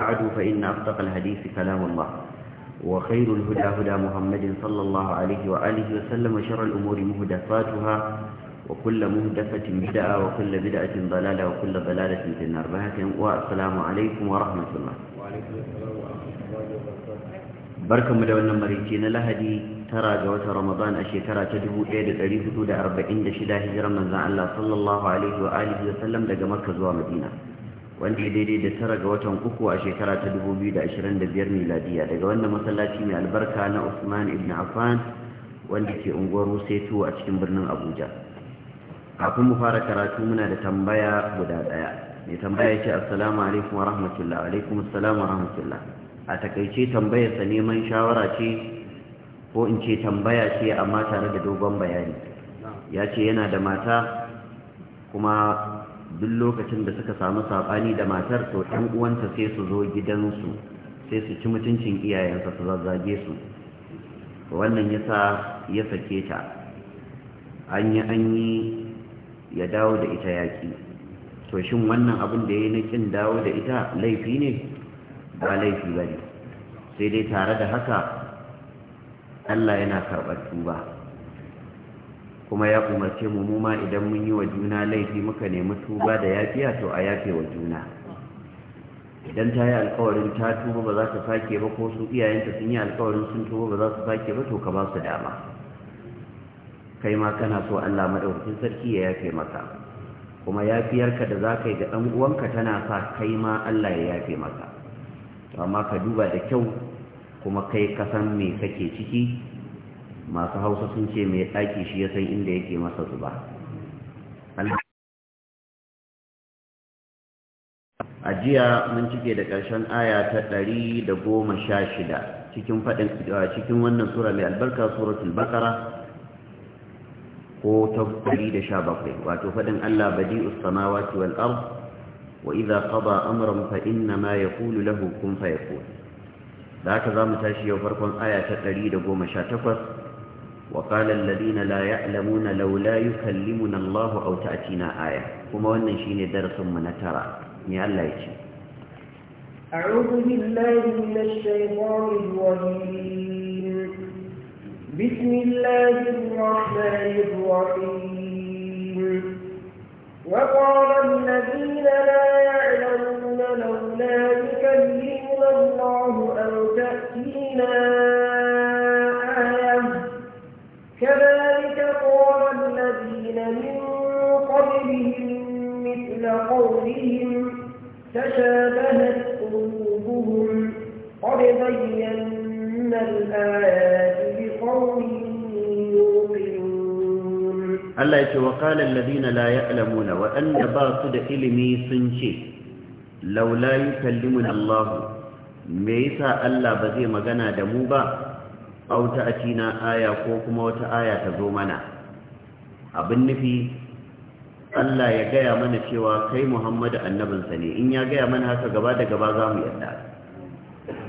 بعد فإن أصدق الحديث كلام الله وخير الهدى هدى محمد صلى الله عليه وآله وسلم وشر الأمور مهدفاتها وكل مهدفة بدعة وكل بدعة ضلالة وكل ضلالة في النار والسلام عليكم ورحمة الله وعليكم السلام ورحمة الله وبركاته بركة مدونة مريتين لهدي ترى جوات رمضان الشيكرة تدهو إيد الأريف دولة أربعين دشدا هجرة من الله صلى الله عليه وآله وسلم لقى مركز ومدينة wanda ya daidai da tara ga watan uku a shekara ta 2025 miladiya daga wannan masallaci mai albarka na Usman ibn Affan wanda ke unguwar Ruseto a cikin birnin Abuja kafin mu fara karatu muna da tambaya guda daya mai tambaya ce assalamu alaikum wa rahmatullah alaikum assalamu wa rahmatullah a takaice tambayar sa neman shawara ce ko in ce tambaya ce amma tare da dogon bayani ya ce yana da mata kuma duk lokacin da suka samu saɓani da matar to ɗan uwanta sai su zo gidansu sai su ci mutuncin iyayensa su zazzage su wannan ya sa ya sake ta an yi an yi ya dawo da ita yaƙi to shin wannan abin da ya yi na ƙin dawo da ita laifi ne ba laifi ba ne sai dai tare da haka allah yana karɓar tuba ba kuma ya umarce mu mu ma idan mun yi wa juna laifi muka nemi tuba da yafiya to a yafe wa juna idan ta yi alkawarin ta tuba ba za ta sake ba ko su iyayenta sun yi alkawarin sun tuba ba za su sake ba to ka ba su dama kai ma kana so Allah madaukakin sarki ya yafe maka kuma yafiyarka da za ka yi ga ɗan uwanka tana sa kai ma Allah ya yafe maka to amma ka duba da kyau kuma kai ka san me kake ciki masu hausa sun ce mai ɗaki shi ya san inda yake masa zuba a jiya mun cike da ƙarshen aya ta ɗari cikin cikin wannan sura mai albarka suratul bakara ko ta 117 wato faɗin allah (Badi) samawati wal ard wa idza qada amran fa inna ma yaqulu lahu kun fayakun da haka za mu tashi yau farkon aya ta ɗari da goma sha takwas وقال الذين لا يعلمون لولا يكلمنا الله أو تأتينا آية وما ونشين درس من ترى يا الله يجي أعوذ بالله من الشيطان الرجيم بسم الله الرحمن الرحيم وقال الذين لا يعلمون لولا يكلمنا الله أو تأتينا آية كذلك قال الذين من قبلهم مثل قولهم تشابهت قلوبهم قد بينا الآيات لقوم Allah ya ce wa kalan ladina la ya'lamuna waɗanda ba su da ilimi sun ce laula yukallimuna Allah me yasa Allah ba zai magana da mu ba a cina aya ko kuma wata aya ta zo mana abin nufi Allah ya gaya mana cewa kai Muhammadu annabinsa ne in ya gaya mana haka gaba da gaba za mu yarda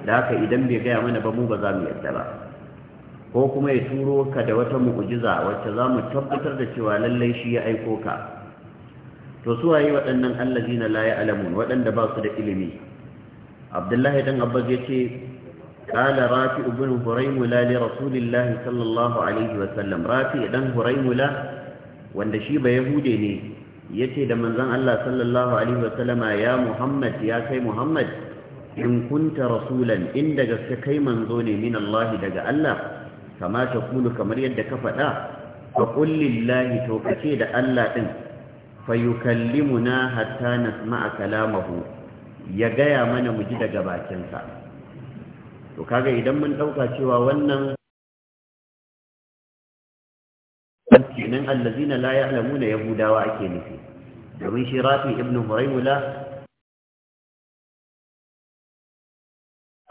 da haka idan bai gaya mana ba mu ba za mu yarda ba ko kuma ya turo ka da wata mu'ujiza wacce za mu tabbatar da cewa lallai shi ya aiko ka to su waye waɗannan na la alamun waɗanda ba su da ilimi abdullahi dan abbas ce. قال رافع بن هريملة لرسول الله صلى الله عليه وسلم رافع بن هريملة wanda shi ba ya hude ne yace da manzon Allah sallallahu alaihi wasallama ya Muhammad ya kai Muhammad in kunta rasulan in da gaske kai manzo ne min daga Allah kama ta kulu kamar yadda ka faɗa fa qul lillahi to kace da Allah ɗin. din fayukallimuna hatta nasma'a kalamahu ya gaya mana mu ji daga bakinsa to kaga idan mun ɗauka cewa wannan kenan allazina la ya'lamuna yahudawa ake nufi domin shi rafi ibn huraymula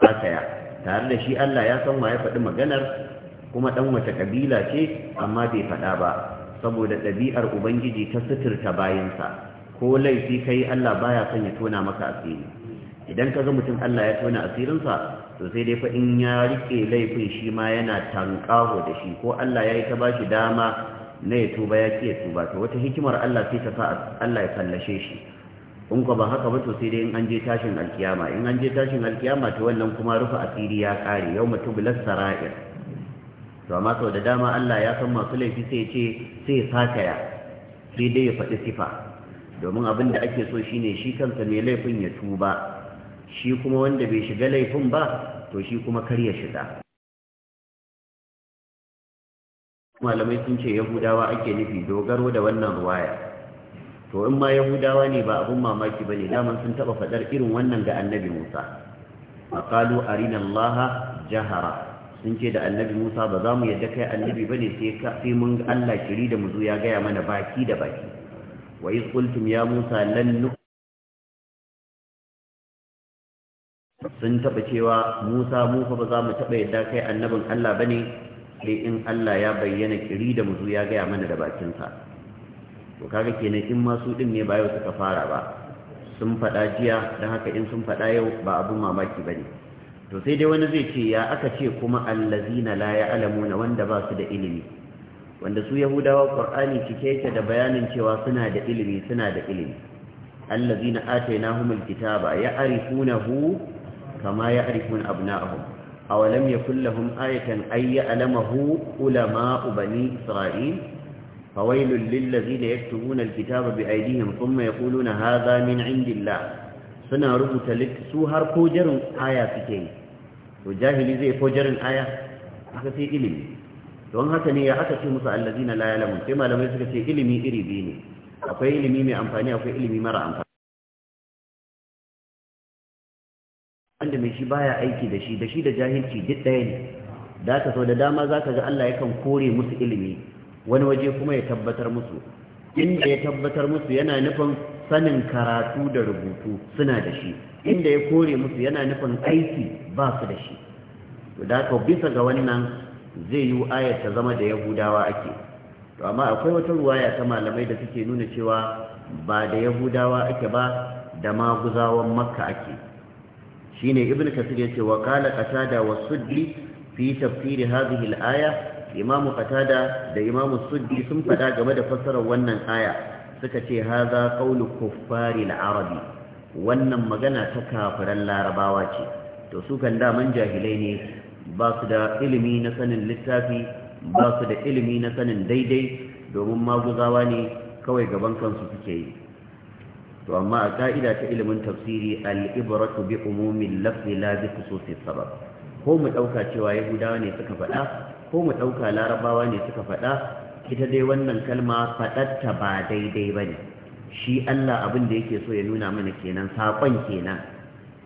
kasaya tare da shi Allah ya san wa ya faɗi maganar kuma ɗan wata ƙabila ce amma bai faɗa ba saboda ɗabi'ar ubangiji ta suturta bayansa ko laifi kai Allah baya son ya tona maka asiri idan ka ga mutum Allah ya tona asirinsa to sai dai fa in ya rike laifin shi ma yana tankaho da shi ko Allah ya yi ta bashi dama na ya tuba ya ce tuba to wata hikimar Allah sai ta sa Allah ya kallashe shi in ko ba haka ba to sai dai in an je tashin alkiyama in an je tashin alkiyama to wannan kuma rufe asiri ya kare yau mutum bilas sara'ir to amma sau da dama Allah ya san masu laifi sai ce sai sakaya sai dai ya faɗi sifa domin abin da ake so shine shi kansa mai laifin ya tuba shi kuma wanda bai shiga laifin ba to shi kuma kar ya shiga malamai sun ce yahudawa ake nufi dogaro da wannan ruwaya to in ma yahudawa ne ba abun mamaki ba ne daman sun taɓa faɗar irin wannan ga annabi musa maƙalu arina allaha jahara sun ce da annabi musa ba za mu yadda kai annabi ba ne sai mun allah kiri da mu zo ya gaya mana baki da baki wa iz ya musa lan sun taɓa cewa musa mu ba za mu taɓa yadda kai annabin allah ba ne sai in allah ya bayyana kiri da muzu ya gaya mana da bakinsa to kaga kenan in ma su ɗin ne ba yau suka fara ba sun faɗa jiya don haka in sun faɗa yau ba abun mamaki ba ne to sai dai wani zai ce ya aka ce kuma allazina la ya'lamuna wanda ba su da ilimi wanda su yahudawa qur'ani cike yake da bayanin cewa suna da ilimi suna da ilimi allazina atainahumul kitaba ya'rifunahu kama ya arifun abna'ahum awalam yakul lahum ayatan ay ya'lamahu ulama'u bani isra'il فويل للذين يكتبون الكتاب بأيديهم ثم يقولون هذا من عند الله سنة ربط لك سوهر فوجر آية فكي وجاهل زي فوجر آية أكثي إلمي don haka ne ya aka ce musu allazina la ya'lamun sai malamai suka ce ilimi iri biyu akwai ilimi mai amfani akwai ilimi mara amfani shi baya aiki da shi da shi da jahilci duk ɗaya ne da ta so da dama za ka ga Allah yakan kore musu ilimi wani waje kuma ya tabbatar musu inda ya tabbatar musu yana nufin sanin karatu da rubutu suna da shi inda ya kore musu yana nufin aiki ba su da shi To da ka bisa ga wannan zai yi ayar ta zama da yahudawa ake to amma akwai wata ruwaya ta malamai da suke nuna cewa ba da yahudawa ake ba da maguzawan makka ake shine ibnu kasir yace wa qala qatada wa suddi fi tafsir hadhihi al-aya imam qatada da imam suddi sun fada game da fassarar wannan aya suka ce hadha qawlu kuffari al-arabi wannan magana ta kafiran larabawa ce to su kan da man jahilai ne ba su da ilimi na sanin littafi ba su da ilimi na sanin daidai domin maguzawa ne kawai gaban kansu suke yi to amma a ka'ida ta ilimin tafsiri al-ibratu bi umumin lafzi la bi khususi sabab ko mu dauka cewa yahudawa ne suka faɗa ko mu dauka larabawa ne suka faɗa ita dai wannan kalma faɗatta ba daidai bane shi Allah abin da yake so ya nuna mana kenan sakon kenan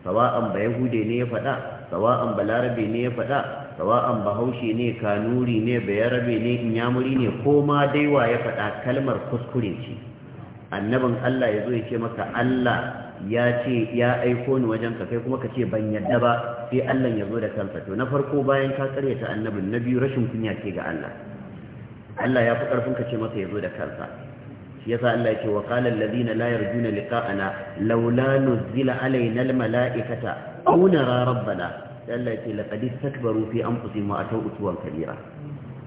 sawa'an ba yahude ne ya faɗa sawa'an ba larabe ne ya faɗa sawa'an bahaushe ne kanuri ne bayarabe ne inyamuri ne ko ma dai wa ya faɗa kalmar kuskure ce annabin Allah ya zo ya ce maka Allah ya ce ya aiko ni wajen ka kai kuma ka ce ban yadda ba sai Allah ya zo da kansa to na farko bayan ka karyata annabin na biyu rashin kunya ce ga Allah Allah ya fi karfin ka ce masa ya zo da kansa shi yasa Allah yake wa qala alladhina la yarjuna liqa'ana laula nuzila alaina almala'ikata aw nara rabbana Allah yake laqad istakbaru fi anfusihim wa ataw utuwan kabira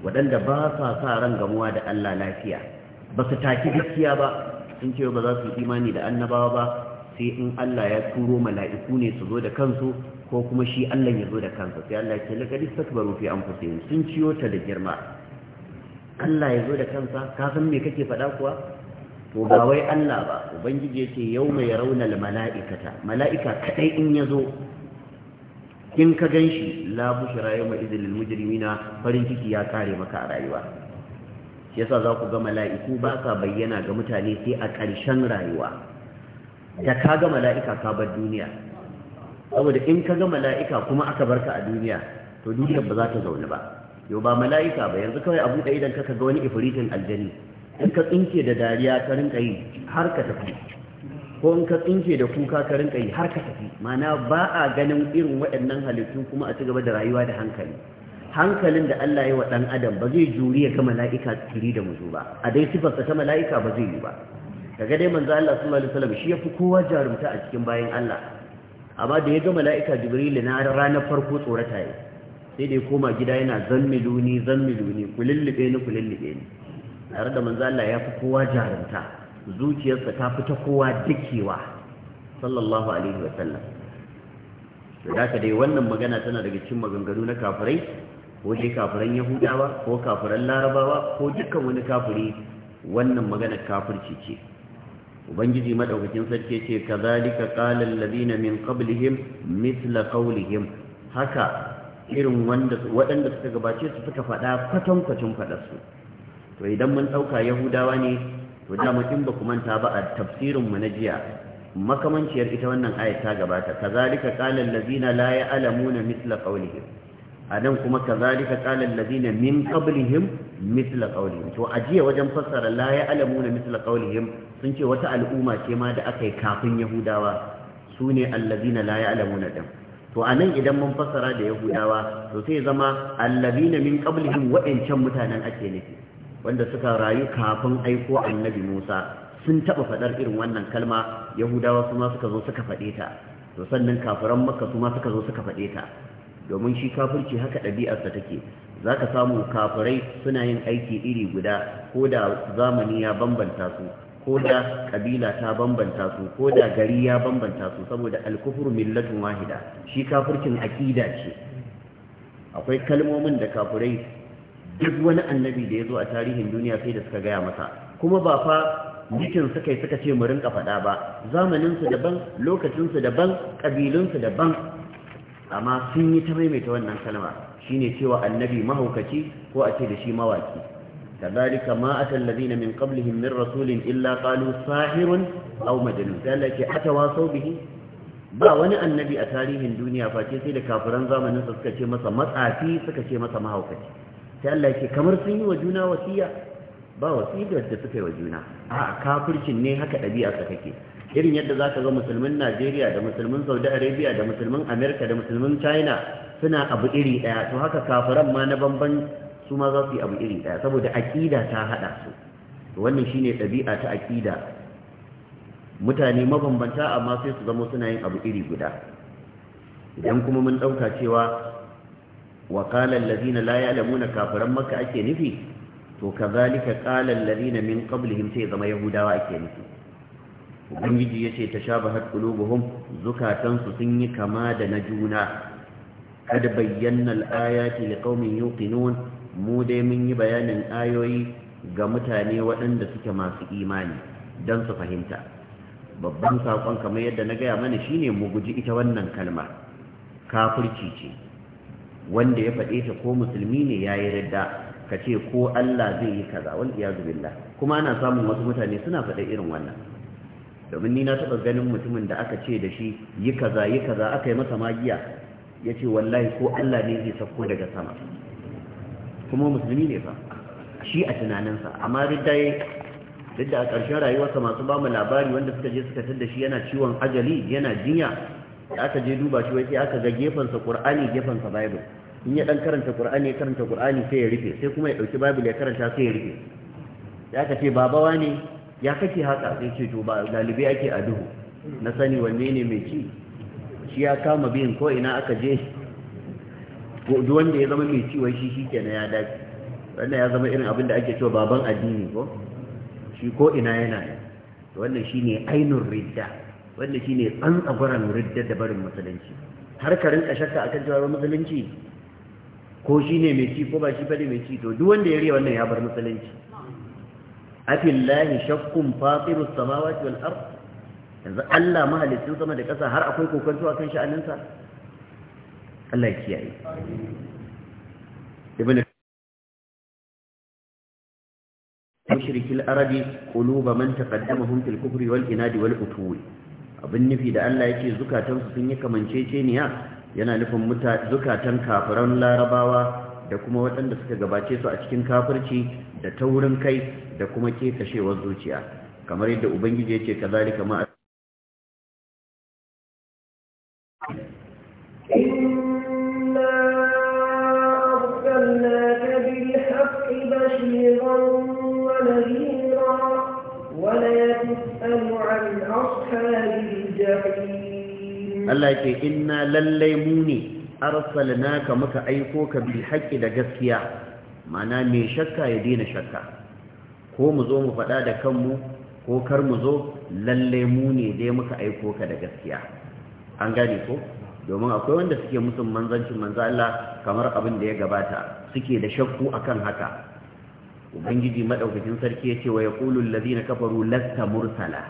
wadanda ba sa sa ran gamuwa da Allah lafiya ba su taki gaskiya ba sun ce ba za su imani da annabawa ba sai in Allah ya turo mala'iku ne su zo da kansu ko kuma shi Allah ya zo da kansa sai Allah ya ce laqad istakbaru fi anfusihim sun ciyo ta da girma Allah ya zo da kansa ka san me kake faɗa kuwa to ba wai Allah ba ubangiji yace mai raunar mala'ikata. mala'ika kaɗai in yazo Kin ka ganshi la bushra yawma idhil mujrimina farin ciki ya kare maka a rayuwa shi yasa za ku ga mala'iku ba sa bayyana ga mutane sai a ƙarshen rayuwa da ka ga mala'ika ka bar duniya saboda in ka ga mala'ika kuma aka bar ka a duniya to duniya ba za ta zaune ba yau ba mala'ika ba yanzu kawai abu ɗaya idan ka ga wani ifiritin aljani in ka tsinke da dariya ka rinka yi har ka tafi ko in ka tsinke da kuka ka rinka yi har ka tafi ma'ana ba a ganin irin waɗannan halittu kuma a ci gaba da rayuwa da hankali hankalin da Allah ya wa ɗan adam ba zai juri ya ga mala'ika tsiri da mutu ba a dai sifarsa ta mala'ika ba zai yi ba daga dai manzo Allah sallallahu alaihi wasallam shi yafi kowa jarumta a cikin bayan Allah amma da ya ga mala'ika Jibril na ranar farko tsorata ya sai da ya koma gida yana zammiluni zammiluni kulillibe ni kulillibe ni tare da manzo Allah ya fi kowa jarumta zuciyarsa ta fi ta kowa dikewa sallallahu alaihi wasallam da haka dai wannan magana tana daga cikin maganganu na kafirai ko dai kafiran yahudawa ko kafiran larabawa ko dukkan wani kafiri wannan maganar kafirci ce ubangiji madaukakin sarki ce kazalika qala alladhina min qablihim mithla qawlihim haka irin wanda waɗanda suka gabace su suka faɗa kwatan kwacin faɗar su to idan mun ɗauka yahudawa ne to da mutum ba manta ba a tafsirin mu na jiya makamanciyar ita wannan ayat ta gabata kazalika qala allazina la ya'lamuna mithla qawlihim A nan kuma kazalika qala alladhina min qablihim misla qawlihim to jiya wajen fassara la na misla qawlihim sun ce wata al'umma ce ma da aka yi kafin yahudawa su ne alladhina la na din to nan idan mun fassara da yahudawa to sai zama alladhina min qablihim wa'ancan mutanen ake nufi wanda suka rayu kafin aiko annabi Musa sun taɓa faɗar irin wannan kalma yahudawa ma suka zo suka faɗe ta to sannan kafiran makka ma suka zo suka faɗe ta domin shi kafirci haka ɗabi'arsa take za ka samu kafirai suna yin aiki iri guda ko da zamani ya bambanta su ko da ƙabila ta bambanta su ko da gari ya bambanta su saboda alkufur millatun wahida shi kafircin aƙida ce akwai kalmomin da kafirai duk wani annabi da ya zo a tarihin duniya sai da suka gaya masa kuma ba fa bikin suka yi suka ce mu rinka faɗa ba zamaninsu daban lokacinsu daban ƙabilunsu daban amma sun yi ta maimaita wannan kalma shine cewa annabi mahaukaci ko a ce da shi mawaki kadhalika ma atal ladina min qablihim min rasulin illa qalu sahirun aw majnun dalaka atawasaw bihi ba wani annabi a tarihin duniya face sai da kafiran zamanin sa suka ce masa matsafi suka ce masa mahaukaci sai Allah yake kamar sun yi wa juna wasiya ba wasiyar da suka yi wa juna a kafircin ne haka ɗabi'a sa kake irin yadda za ka ga musulmin najeriya da musulmin saudi arabia da musulmin amerika da musulmin china suna abu iri ɗaya to haka kafiran ma na banban su ma za su yi abu iri ɗaya saboda aƙida ta haɗa su wannan shine ɗabi'a ta aƙida mutane mabambanta amma sai su zama suna yin abu iri guda idan kuma mun ɗauka cewa وقال الذين لا يعلمون كافرا مكة أكي نفي وكذلك قال الذين من قبلهم سيد zama yahudawa ake nufi. ubangiji ya ce ta sha tashabahat qulubuhum zukatansu sun yi kama da na juna Kada bayyana da ƙaumin yau kinuwan mu dai mun yi bayanin ayoyi ga mutane waɗanda suke masu imani don su fahimta babban saƙon kamar yadda na gaya mana shine mu guji ita wannan kalma kafirci ce wanda ya faɗe ta ko musulmi ne ya yi ridda ka ce ko Allah zai yi kaza wal iyazu billah kuma ana samun wasu mutane suna faɗa irin wannan domin ni na taɓa ganin mutumin da aka ce da shi yi kaza yi kaza aka yi masa magiya ya ce wallahi ko Allah ne zai sauko daga sama kuma musulmi ne fa shi a tunaninsa amma duk da duk da a ƙarshen rayuwarsa masu ba mu labari wanda suka je suka da shi yana ciwon ajali yana jinya da aka je duba shi wai sai aka ga gefensa ƙur'ani gefensa Bible in ya dan karanta ƙur'ani ya karanta ƙur'ani sai ya rufe sai kuma ya dauki Bible ya karanta sai ya rufe ya ka ce baba ne ya kake haka sai ce to ba galibi ake a duhu na sani wanne ne mai ci shi ya kama biyan ko ina aka je Gudu wanda ya zama mai ci wai shi na ya dace wannan ya zama irin abin da ake cewa baban addini ko shi ko ina yana ne wannan shine ainun ridda wannan shine tsantsagoran ridda da barin musulunci har ka rinka akan cewa musulunci ko shi ne mai ci ko ba shi bane mai ci to duk wanda ya riya wannan ya bar musulunci afillahi shakkun fatirus samawati wal ard yanzu Allah mahalicin sama da ƙasa har akwai kokonto akan sha'aninsa Allah ya kiyaye ibn mushrik al-arabi qulub man taqaddamahum fil kufri wal inadi wal abin nufi da Allah yake zukatansu sun yi kamanceceniya yana nufin zukatan kafiran larabawa da kuma waɗanda suka gabace su a cikin kafirci da ta wurin kai da kuma kashewar zuciya kamar yadda ubangiji ya ce kazalika a Allah ke inna lallai mu ne arsalnaka muka aiko ka bil haqqi da gaskiya mana me shakka ya daina shakka ko mu zo mu faɗa da kanmu ko kar mu zo lalle mu ne dai muka aiko ka da gaskiya an gane ko domin akwai wanda suke mutum manzancin manzo Allah kamar abin da ya gabata suke da shakku akan haka ubangiji madaukakin sarki yace wa yaqulu allazina kafaru lasta mursala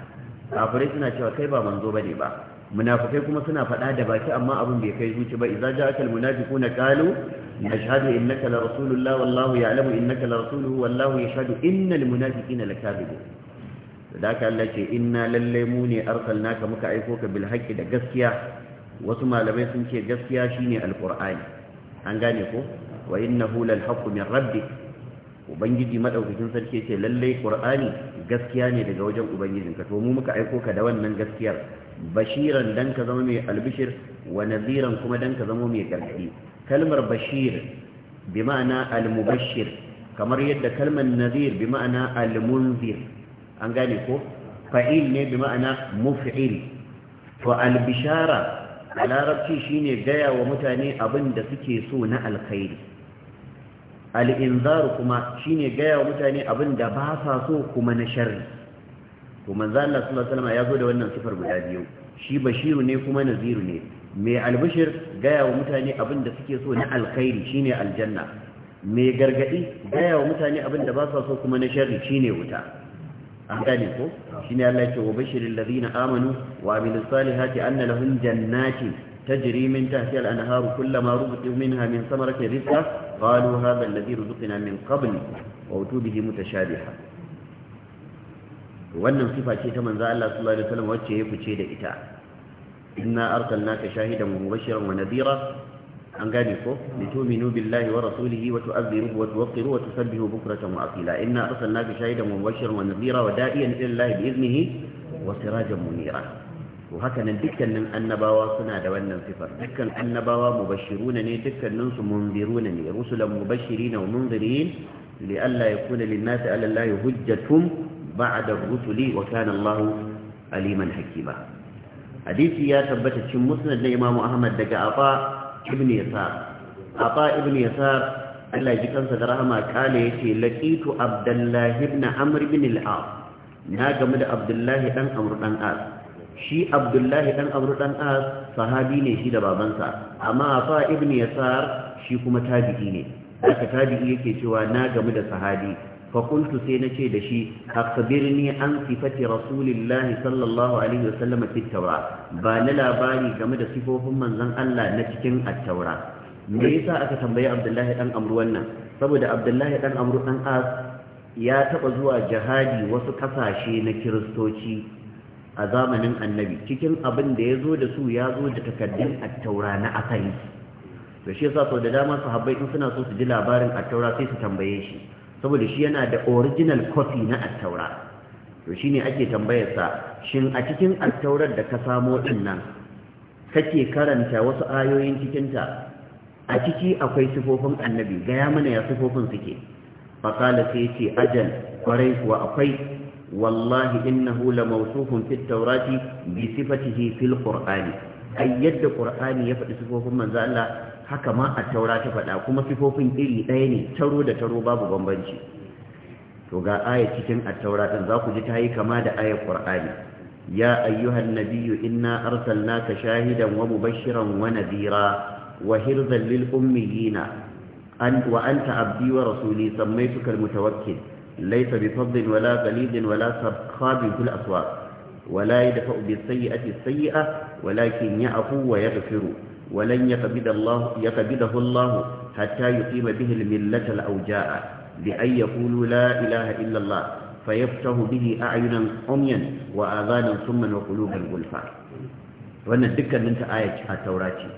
kafirai suna cewa kai ba manzo bane ba munafikai kuma suna faɗa da baki amma abin bai kai zuci ba idza ja'aka almunafiquna qalu nashhadu innaka la rasulullah wallahu ya'lamu innaka la rasuluhu wallahu yashhadu innal munafiqina lakadibun da Allah ce inna lallai mu ne arsalnaka muka aiko ka bil haqqi da gaskiya wasu malamai sun ce gaskiya shine alqur'ani an gane ko wa innahu lal haqqu min rabbik ubangiji maɗaukakin sarki ce lallai Kur'ani gaskiya ne daga wajen ka. to mu muka aiko ka da wannan gaskiyar bashiran dan ka zama mai albishir wa nadhiran kuma dan ka zama mai gargadi kalmar bashir bi ma'ana almubashir kamar yadda kalmar nazir bi ma'ana almunzir an gane ko fa'il ne bi ma'ana muf'il to albishara a larabci shine gaya wa mutane abin da suke so na alkhairi al'inzaru kuma shine gaya mutane abin da ba sa so kuma na sharri to manzo Allah sallallahu alaihi wasallam ya zo da wannan sifar guda biyu shi bashiru ne kuma naziru ne mai albishir gaya wa mutane abin da suke so na alkhairi shine aljanna mai gargadi gaya wa mutane abin da ba sa so kuma na sharri shine wuta an gane ko shine Allah ya ce wa bashirin ladina amanu wa amilus salihati anna lahum jannatin تجري من تحتها الأنهار كلما رزقوا منها من ثمرة رزقا قالوا هذا الذي رزقنا من قبل وأتوا به متشابها wannan sifa ce ta manzo Allah sallallahu alaihi wasallam wacce ya fice da ita inna arsalnaka shahidan wa mubashiran wa nadhira an gane ko litu'minu billahi wa rasulihi wa tu'azziruhu wa tuwaqqiru wa tusabbihu bukratan wa asila inna arsalnaka shahidan wa mubashiran wa nadhira wa da'iyan ila Allah bi wa sirajan munira to nan dukkanin annabawa suna da wannan sifar dukkan annabawa mubashiruna ne dukkanin su munziruna ne rusulan mubashirina na munzirin li alla yakuna lin nasi ala allahi hujjatum ba'da rusuli wa kana allah aliman hakima hadisi ya tabbata cin musnad na imamu ahmad daga afa ibn yasar afa ibn yasar Allah ji kansa da rahama kale yace laqitu abdullahi ibn amr ibn al-as na game da abdullahi dan amr dan as shi abdullahi dan amru dan as sahabi ne shi da babansa amma fa ibn yasar shi kuma tabi'i ne aka tabi'i yake cewa na gamu da sahabi fa qultu sai nace da shi akhbirni an sifati rasulillahi sallallahu alaihi wasallam fi tawra ba na labari game da sifofin manzon Allah na cikin at-taura me yasa aka tambaye abdullahi dan amru wannan saboda abdullahi dan amru dan as ya taba zuwa jihadi wasu kasashe na kiristoci a zamanin annabi cikin abin da ya zo da su ya zo da takardun attaura na asali da shi yasa sau da dama sahabbai in suna so su ji labarin attaura sai su tambaye shi saboda shi yana da original copy na attaura to shine ake tambayar sa shin a cikin attaurar da ka samo din nan kake karanta wasu ayoyin cikin ta a ciki akwai sifofin annabi gaya mana ya sifofin suke faqala sai ce ajal kwarai kuwa akwai والله إنه لموصوف في التوراة بصفته في القرآن أي يد القرآن يفعل صفوفهم من ذا الله حكما التوراة فلا كما صفوفهم إلي ديني ترو دا ترو باب بمبنشي توقع آية تتن التوراة ذاك جتهي كما دا آية القرآن يا أيها النبي إنا أرسلناك شاهدا ومبشرا ونذيرا وهرزا للأميين أنت وأنت عبدي ورسولي سميتك المتوكل laysa bi fadlin wala qalidin wala sabqabin fil aswaq ولا يدفع بالسيئة السيئة ولكن يعفو ويغفر ولن يقبض الله يقبضه الله حتى يقيم به الملة الأوجاء بأن يقولوا لا إله إلا الله فيفتح به أعينا عميا وآذانا صما وقلوبا غلفا wannan dukkanin ta aya a tauraci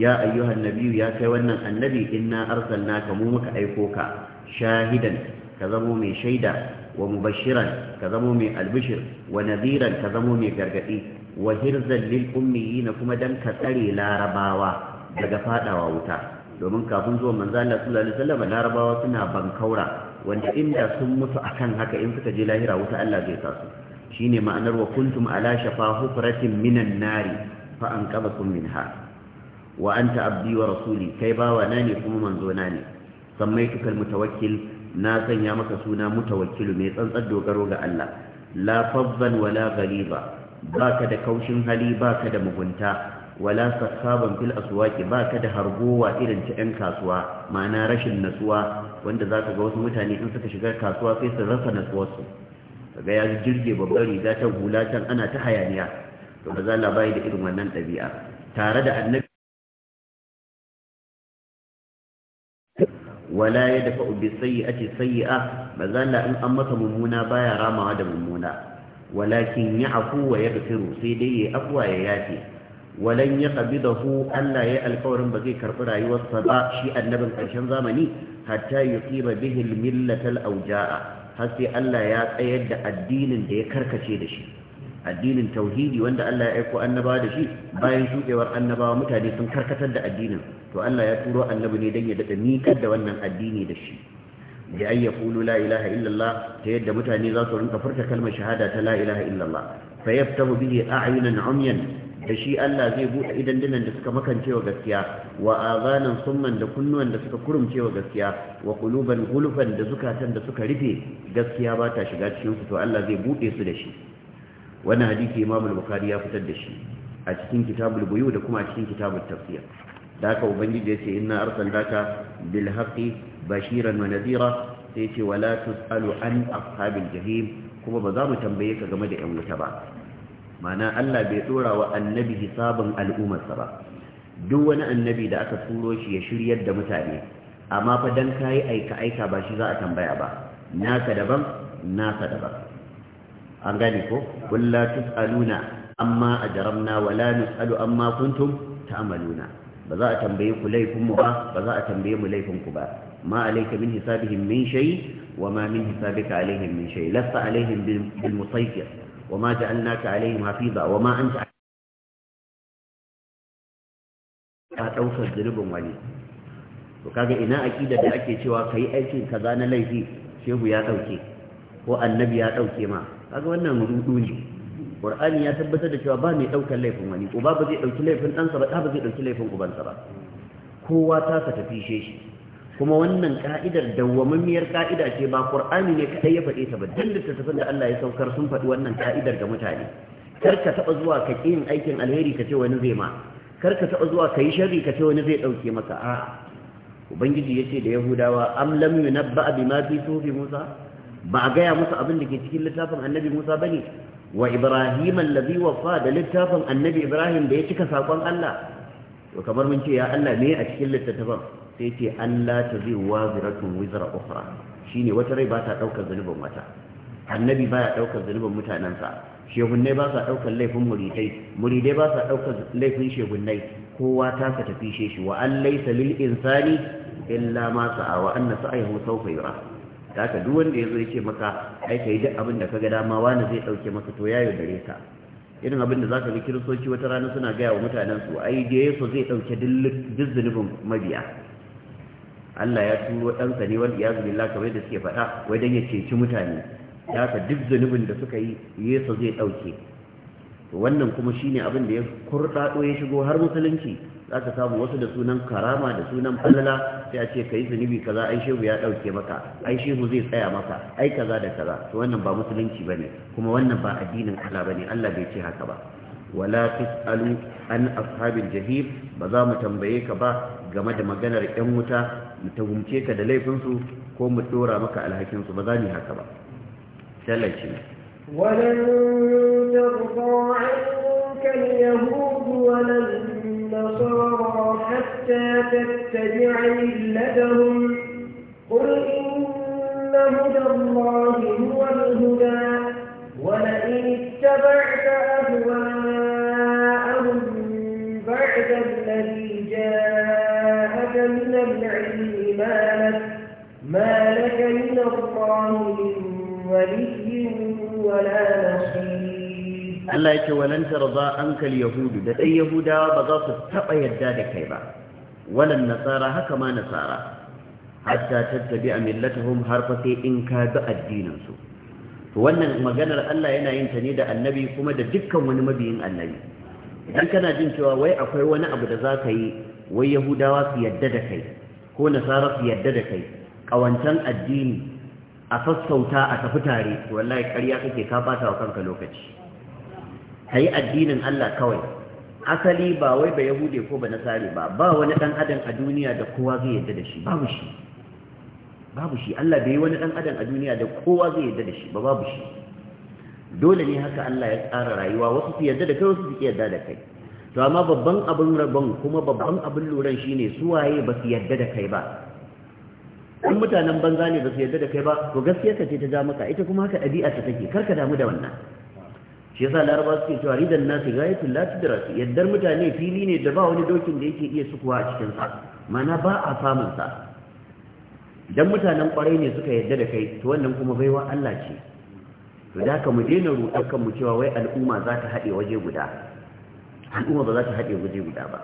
ya ayyuhan nabiyyu ya kai wannan annabi inna arsalnaka mu muka aiko ka shahidan ka zamo mai shaida wa mubashiran ka zamo mai albishir wa naziran ka zamo mai gargadi wa hirzan lil ummiyina kuma dan ka tsare larabawa daga fadawa wuta domin kafin zuwa manzo Allah sallallahu alaihi wasallam larabawa suna bankaura wanda inda sun mutu akan haka in suka je lahira wuta Allah zai sa su shine ma'anar wa kuntum ala shafa hufratin minan nari fa anqadhakum minha wa anta abdi wa rasuli kai bawa na ne kuma manzo na mu ta almutawakkil na sanya maka suna mutawakkilu mai tsantsar dogaro ga Allah la fazzan wala ghaliba baka da kaushin hali baka da mugunta wala sahaban fil aswaqi baka da hargowa irin ta ɗan kasuwa ma'ana rashin natsuwa wanda zaka ga wasu mutane in suka shiga kasuwa sai su rasa natsuwarsu kaga ya jirge babbar riga ta hula can ana ta hayaniya to ba da irin wannan ɗabi'a tare da annabi wala ya dafa ubi sayi a ce sayi a mazala in an masa mummuna baya ramawa da mummuna walakin ya afu wa ya gafiru sai dai ya afuwa ya yafe walan ya kabi da hu allah ya alkawarin ba zai karɓi rayuwarsa ba shi annabin ƙarshen zamani hatta yi tsiba bihil millatal auja'a har sai allah ya tsayar da addinin da ya karkace da shi addinin tauhidi wanda allah ya aiko annabawa da shi bayan shuɗewar annabawa mutane sun karkatar da addinin to Allah ya turo annabi ne dan ya daɗa nikar da wannan addini da shi da ayya qulu la ilaha illallah ta yadda mutane za su rinka furta kalmar shahada ta la ilaha illallah fa yaftahu bihi a'yunan umyan da shi Allah zai buɗe idan dinan da suka makance wa gaskiya wa azanan summan da kunnuwan da suka wa gaskiya wa quluban gulufan da zukatan da suka rufe gaskiya ba ta shiga cikin su to Allah zai buɗe su da shi wannan hadisi Imam al-Bukhari ya fitar da shi a cikin kitabul buyu da kuma a cikin kitabul tafsir da haka ubangiji ya ce inna arsalnaka bil haqqi bashiran wa nadhira sai ce wala tusalu an ashabil jahim kuma ba za mu tambaye ka game da yan wuta ba mana Allah bai dora wa annabi hisabin al'ummarsa ba duk wani annabi da aka turo shi ya shiryar da mutane amma fa dan yi aika aika ba shi za a tambaya ba naka daban nasa daban an gane ko kullu tusaluna amma ajramna wala nusalu amma kuntum ta'maluna ba za a tambaye ku laifinmu ba ba za a tambaye mu laifinku ba ma alayka min hisabihim min shay wa ma min hisabika alaihim min shay lasta alaihim bil musaytir wa ma ja'alnaka alaihim hafiza wa ma anta ka daukar zulubin wani to kaga ina akida da ake cewa kai aikin kaza na laifi shehu ya dauke ko annabi ya dauke ma kaga wannan rudu ne qur'ani ya tabbatar da cewa ba mai daukar laifin wani uba ba zai dauki laifin ɗansa ba ɗa ba zai dauki laifin ubansa ba kowa ta sa tafi shi kuma wannan ka'idar dawwamammiyar ka'ida ce ba qur'ani ne kadai ya faɗe ta ba duk littattafan da Allah ya saukar sun faɗi wannan ka'idar ga mutane kar ka taɓa zuwa ka ƙi yin aikin alheri ka ce wani zai ma kar ka taɓa zuwa ka yi sharri ka ce wani zai ɗauke maka a'a ubangiji ya ce da yahudawa am lam yunabba bima fi sufi musa ba a gaya musu abin da ke cikin littafin annabi musa bane wa ibrahim allazi wafa da littafin annabi ibrahim da ya cika sakon Allah to kamar mun ce ya Allah ne a cikin littafin sai ce Allah ta zai waziratun wizra ukhra shine wata rai ba ta daukar zanubin wata annabi baya daukar zanubin mutanansa shehunnai ba sa daukar laifin muridai muridai ba sa daukar laifin shehunnai kowa ta ka tafi shi wa an laysa lil insani illa ma sa'a wa anna sa'ahu sawfa yura da haka duk wanda ya zo ya ce maka ai ka duk abin da ka ga dama wani zai ɗauke maka to ya yaudare ka irin abin da zaka ga kiristoci wata rana suna gaya wa mutanen su ai da yaso zai ɗauke duk zunubin mabiya Allah ya turo ɗansa ne wal iyazu billah kamar da suke faɗa wai dan ya ceci mutane da haka duk zunubin da suka yi yaso zai ɗauke wannan kuma shine abin da ya kurɗaɗo ya shigo har musulunci za ka samu wasu da sunan karama da sunan falala sai a ce ka yi zunubi kaza ai shehu ya ɗauke maka ai shehu zai tsaya maka ai kaza da kaza to wannan ba musulunci ba ne kuma wannan ba addinin Allah ba ne Allah bai ce haka ba wala tisalu an ashabil jahim ba za mu tambaye ka ba game da maganar yan wuta mu tuhumce ka da laifinsu ko mu dora maka alhakinsu ba za mu haka ba sallaci ولن ترضى عنهم تتبعك اليهود ولا النصارى حتى تتبع ملتهم قل إن هدى الله هو الهدى ولئن اتبعت أهواءهم بعد الذي جاءك من العلم ما لك ما لك من الله من ولي ولا نصير Allah yake walan tarza ankal yahudu da dai yahudawa ba za su taba yadda da kai ba walan nasara haka ma nasara hatta a millatahum har fa sai in ka bi addinin su to wannan maganar Allah yana yin ta ne da annabi kuma da dukkan wani mabiyin annabi idan kana jin cewa wai akwai wani abu da za ka yi wai yahudawa su yadda da kai ko nasara su yadda da kai kawancan addini a sassauta a tafi tare wallahi ƙarya kake ka bata wa kanka lokaci ka yi addinin Allah kawai asali ba wai ba yahude ko ba nasari ba ba wani dan adam a duniya da kowa zai yarda da shi babu shi babu shi Allah bai wani dan adam a duniya da kowa zai yarda da shi ba babu shi dole ne haka Allah ya tsara rayuwa wasu su yarda da kai wasu su yarda da kai to amma babban abin rabon kuma babban abin luran shine su waye ba su yarda da kai ba in mutanen banza ne ba su yarda da kai ba to gaskiya ka ce ta ja maka ita kuma haka ɗabi'a ta take kar ka damu da wannan shi yasa laraba suke cewa ridan nasu ghayatul la rasu. yaddar mutane fili ne da ba wani dokin da yake iya sukuwa a cikin sa mana ba a samun sa idan mutanen kwarai ne suka yadda da kai to wannan kuma baiwa Allah ce to da ka mu daina ruɗar kan mu cewa wai al'umma za ta haɗe waje guda al'umma ba za ta haɗe waje guda ba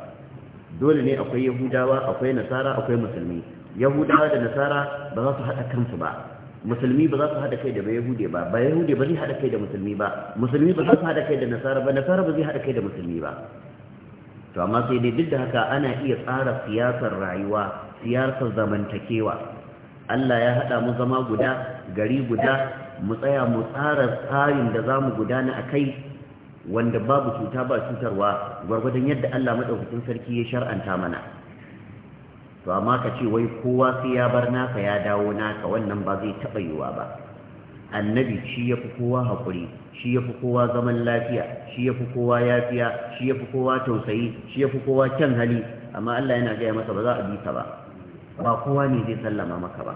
dole ne akwai yahudawa akwai nasara akwai musulmi yahudawa da nasara ba za su haɗa kansu ba musulmi ba za su haɗa kai da ba yahudi ba ba yahudi ba zai haɗa kai da musulmi ba musulmi ba za su haɗa kai da nasara ba nasara ba zai haɗa kai da musulmi ba to amma sai dai duk da haka ana iya tsara siyasar rayuwa siyasar zamantakewa Allah ya haɗa mu zama guda gari guda mu tsaya mu tsara tsarin da za mu gudana a kai wanda babu cuta ba cutarwa gwargwadon yadda Allah maɗaukakin sarki ya shar'anta mana to amma ka ce wai kowa sai ya bar naka ya dawo naka wannan ba zai taɓa yiwuwa ba annabi shi ya fi kowa haƙuri shi ya fi kowa zaman lafiya shi ya fi kowa yafiya shi ya fi kowa tausayi shi ya fi kowa kyan hali amma Allah yana gaya masa ba za a bi ka ba ba kowa ne zai sallama maka ba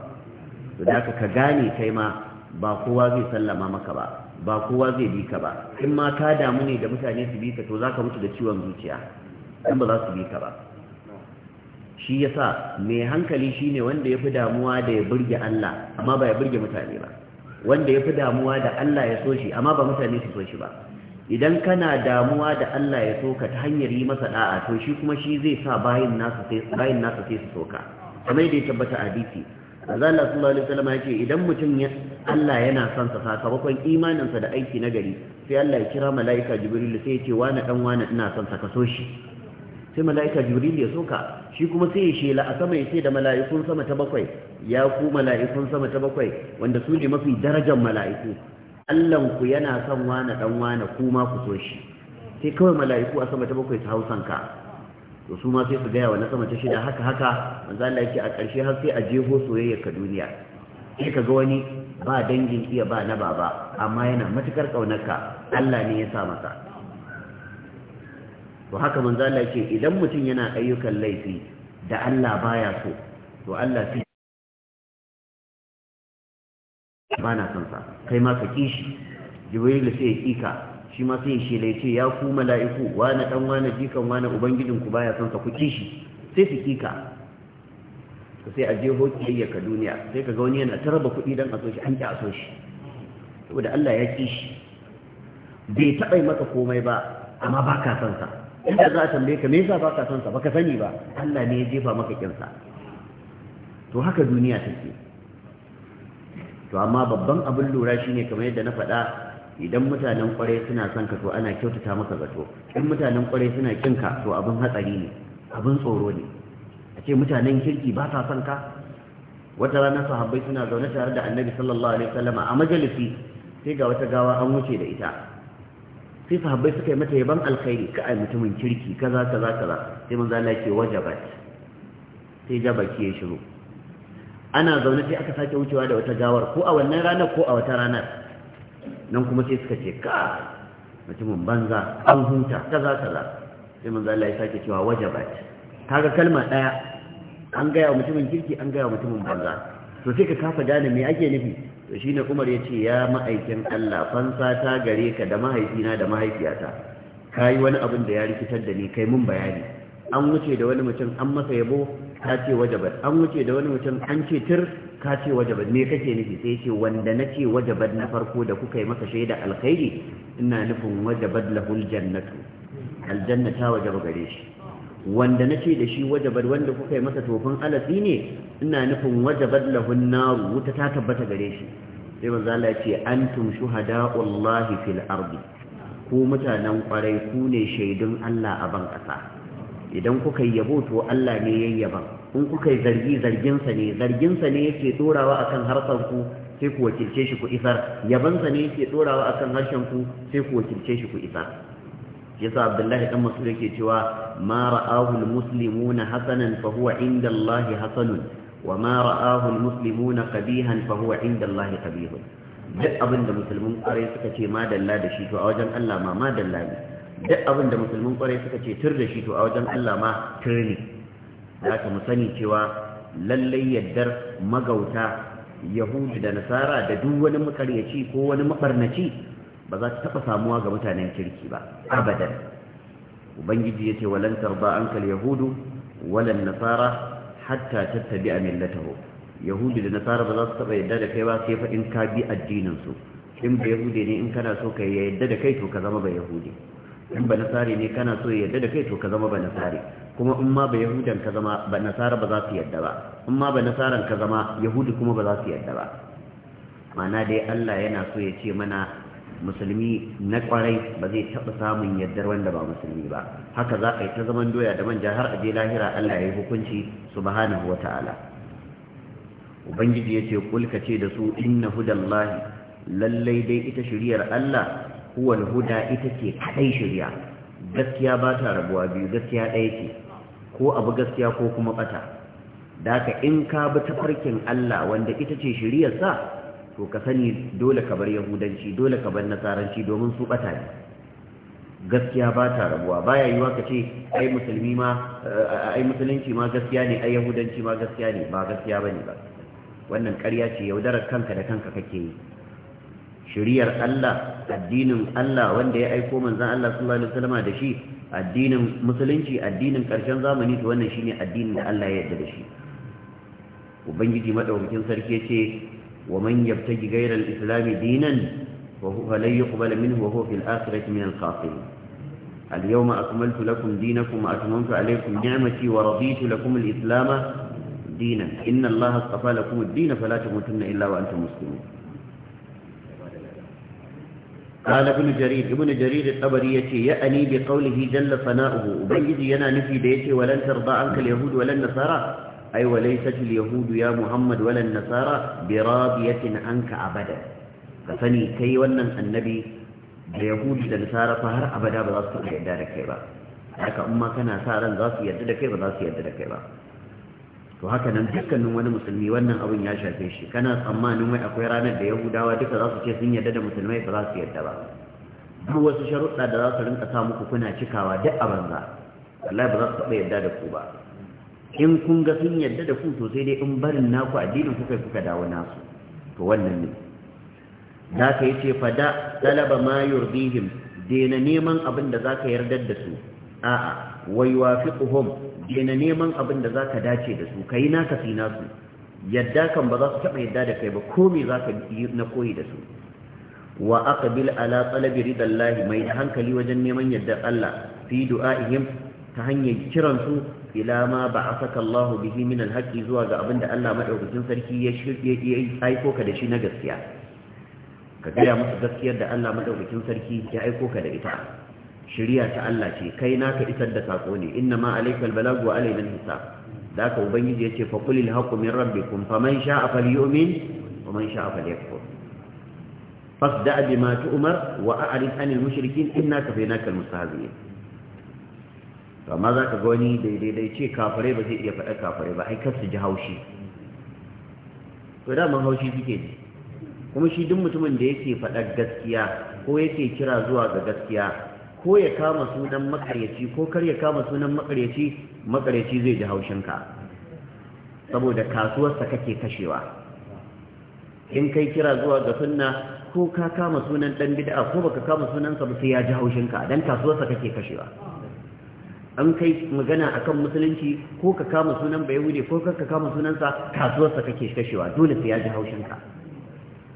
to da ka gane kai ma ba kowa zai sallama maka ba ba kowa zai bi ka ba in ma ka damu ne da mutane su bi ka to za ka mutu da ciwon zuciya in ba za su bi ka ba shi yasa mai hankali shi ne wanda ya fi damuwa da ya burge Allah amma ba ya burge mutane ba wanda ya fi damuwa da Allah ya so shi amma ba mutane su so shi ba idan kana damuwa da Allah ya so ka ta hanyar yi masa da'a to shi kuma shi zai sa bayin nasa sai bayin nasa sai su soka kamar da ya tabbata a hadisi Allah sallallahu alaihi wasallam ya ce idan mutum ya Allah yana son sa sakamakon imaninsa da aiki na gari sai Allah ya kira mala'ika Jibril sai ya ce wani dan wani ina son sa ka so shi sai mala'ika jibril ya soka shi kuma sai ya shela a sama ya ce da mala'ikun sama ta bakwai ya ku mala'ikun sama ta bakwai wanda su ne mafi darajar mala'iku allan ku yana son wani dan wani kuma ku so shi sai kawai mala'iku a sama ta bakwai su hausan ka to su ma sai su gaya wa na sama ta shida haka haka manzo Allah yake a ƙarshe har sai a jeho soyayya ka duniya sai ka ga wani ba dangin iya ba na baba amma yana matukar kaunar ka Allah ne ya sa masa to haka manzo Allah yake idan mutum yana ayyukan laifi da Allah baya so to Allah sai bana san sa kai ma ka kishi jibril sai ya kika shi ma sai shi lai ce ya ku mala'iku wani dan wani jikan wani ubangijin ku baya san sa ku kishi sai su kika to sai a je ya ka duniya sai ka ga wani yana tarba kuɗi dan a so shi an ki a so shi saboda Allah ya kishi bai taɓa maka komai ba amma ba ka son sa inda za a tambaye ka me yasa ba ka son sa baka sani ba Allah ne ya jefa maka kinsa to haka duniya take to amma babban abin lura shine kamar yadda na faɗa idan mutanen kwarai suna son ka to ana kyautata maka gato in mutanen kwarai suna kin ka to abin hatsari ne abin tsoro ne a ce mutanen kirki ba sa son ka wata rana sahabbai suna zaune tare da annabi sallallahu alaihi wasallama a majalisi sai ga wata gawa an wuce da ita sai sahabbai suka yi mata yaban alkhairi ka ai mutumin kirki kaza kaza kaza sai manzo Allah yake wajabat sai ja baki ya shiru ana zaune sai aka sake wucewa da wata gawar ko a wannan ranar ko a wata ranar nan kuma sai suka ce ka mutumin banza an huta kaza kaza sai manzo Allah ya sake cewa wajabat kaga kalma daya an gaya wa mutumin kirki an gaya wa mutumin banza to sai ka kafa gane me ake nufi to shine Umar ya ce ya ma'aikin Allah fansa ta gare ka da mahaifina da mahaifiyata yi wani abin da ya rikitar da ni kai mun bayani an wuce da wani mutum an masa yabo ka ce wajabat an wuce da wani mutum an ce tir ka ce wajabat me kake nufi sai ce wanda na ce wajabat na farko da kuka yi masa shaida alkhairi ina nufin wajabat lahul jannatu aljanna ta wajaba gare shi wanda na ce da shi wajabar wanda kuka yi masa tofin alatsi ne ina nufin wajabar lahun naru wuta ta tabbata gare shi sai manzo Allah ya ce antum shuhada'ullahi fil ardi ku mutanen kwarai ku ne shaidun Allah a ban kasa idan kuka yabo to Allah ne yaban. in kuka yi zargi zargin sa ne zargin sa ne yake dorawa akan harsan ku sai ku wakilce shi ku isar yaban sa ne yake dorawa akan harshen ku sai ku wakilce shi ku isar yasa abdullahi dan mas'ud yake cewa ma ra'ahu almuslimuna hasanan fa huwa inda Allah hasanun wa ma ra'ahu almuslimuna qabihan fa huwa inda Allah qabihun duk abin da musulmin kwarai suka ce ma dalla da shi to a wajen Allah ma ma dalla ne duk abin da musulmin kwarai suka ce tur da shi to a wajen Allah ma tur ne za mu sani cewa lallai yaddar magauta yahudu da nasara da duk wani makaryaci ko wani mabarnaci ba za ta taɓa samuwa ga mutanen kirki ba abadan ubangiji ya ce walan tarba an kal yahudu walan nasara hatta tattabi a millatahu yahudu da nasara ba za su taɓa yadda da kai ba sai faɗin ka bi addininsu in ba yahudi ne in kana so ka yadda da kai to ka zama ba yahudi in ba nasari ne kana so ya yadda da kai to ka zama ba nasari kuma in ma ba yahudan ka zama ba nasara ba za su yadda ba in ma ba nasaran ka zama yahudi kuma ba za su yadda ba ma'ana dai Allah yana so ya ce mana musulmi na kwarai ba zai taɓa samun yardar wanda ba musulmi ba haka za a yi ta zaman doya da manja har a je lahira Allah ya yi hukunci subhanahu wa ta'ala ubangiji ya ce kulka ce da su inna hudan lahi, lallai dai ita shiriyar Allah huwal huda ita ce kadai shirya. gaskiya ba ta rabuwa biyu gaskiya ɗaya ce ko abu gaskiya ko kuma ɓata. da in ka bi tafarkin Allah wanda ita ce shiriyarsa to ka sani dole ka bar yahudanci dole ka bar nasaranci domin su bata ne gaskiya ba ta rabuwa baya yiwa ka ce ai musulmi eh, musulunci ma gaskiya ne ai yahudanci ma gaskiya ne ba gaskiya bane ba wannan ƙarya ce yaudarar kanka da kanka kake yi shiriyar Allah addinin Allah wanda ya aiko manzon Allah sallallahu alaihi wasallam da shi addinin musulunci addinin karshen zamani to wannan shine addinin da Allah ya yarda da shi ubangiji madaukakin sarki yace ومن يبتغي غير الإسلام دينا فلن يقبل منه وهو في الآخرة من الخاسرين اليوم أكملت لكم دينكم وأتممت عليكم نعمتي ورضيت لكم الإسلام دينا إن الله اصطفى لكم الدين فلا تموتن إلا وأنتم مسلمون قال ابن جرير ابن جرير الطبرية يأني بقوله جل فناؤه وبيد ينا نفي بيتي ولن ترضى عنك اليهود ولا النصارى أي وليست اليهود يا محمد ولا النصارى براضية عنك أبدا ففني كي ونن النبي اليهود النصارى فهر أبدا بذلك تقعد كيبا haka in ma kana sa ran za su yarda da kai ba za su yarda da kai ba to haka dukkanin wani musulmi wannan abin ya shafe shi kana tsammanin wai akwai ranar da yahudawa duka za su ce sun yarda da musulmai ba za su ba duk wasu sharuɗa da za su rinka sa muku kuna cikawa duk a banza ba za su taɓa yarda da ku ba in kun ga sun yadda da ku to sai dai in barin naku addinin kuka kuka dawo nasu to wannan ne za ka yi ce fada talaba ma yurdihim dena neman abin da za ka yarda da su a'a wa yuwafiquhum dena neman abin da za ka dace da su kai naka fi nasu yadda kan ba za su taɓa yadda da kai ba ko me za ka yi na koyi da su wa aqbil ala talabi ridallahi mai hankali wajen neman yadda Allah fi du'a'ihim ta hanyar kiransu ila ma saka Allah bihi min al zuwa ga abinda Allah madaukakin sarki ya aiko ka da shi na gaskiya ka gaya musu gaskiyar da Allah madaukakin sarki ya aiko ka da ita Shirya ta Allah ce kai na ka isar da saƙo ne inna ma alaikal balagu wa alaina hisab da ka ubangiji yace fa qulil haqqu min rabbikum faman sha'a falyu'min wa man sha'a falyakfur fasda bima tu'mar wa a'rid anil mushrikeen inna kafaynaka almustahzi'in to amma za ka gani daidai ce kafare ba zai iya faɗa kafare ba ai kar su ji haushi to daman haushi suke ji kuma shi duk mutumin da yake faɗa gaskiya ko yake kira zuwa ga gaskiya ko ya kama sunan makaryaci ko kar ya kama sunan makaryaci makaryaci zai ji haushinka saboda kasuwarsa kake kashewa in kai kira zuwa ga sunna ko ka kama sunan dan bid'a ko baka kama sunansa ba sai ya ji haushinka dan kasuwarsa kake kashewa an kai magana a kan musulunci ko ka kama sunan bayahude ko ka kama sunansa kasuwarsa kake kashewa dole sai ya ji haushinka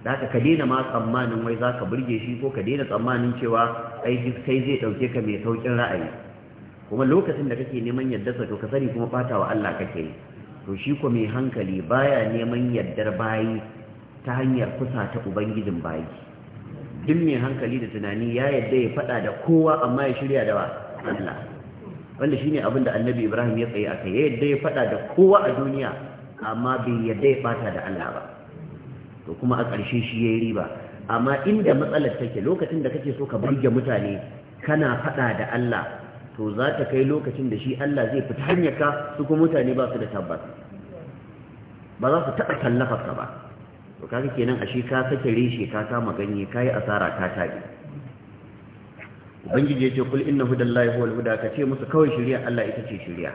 da ka ka daina ma tsammanin wai za ka burge shi ko ka daina tsammanin cewa ai kai zai ɗauke ka mai saukin ra'ayi kuma lokacin da kake neman sa to ka sani kuma ɓata wa Allah kake yi to shi ko mai hankali baya neman yaddar bayi ta hanyar kusa ta ubangijin bayi duk mai hankali da tunani ya yadda ya faɗa da kowa amma ya shirya da Allah wanda shine abin da annabi ibrahim ya tsaye a kai ya yadda ya faɗa da kowa a duniya amma bai yadda ya fata da allah ba to kuma a ƙarshe shi ya yi riba amma inda matsalar take lokacin da kake so ka burge mutane kana faɗa da allah to za ta kai lokacin da shi allah zai fita hanyar ka su kuma mutane ba su da tabbas ba za su taɓa tallafarka ba to kaga kenan ashe ka sake reshe ka kama ganye ka yi asara ka taɓi. ubangiji ya ce kul inna hudallahi huwal huda ka ce musu kawai shari'a Allah ita ce shari'a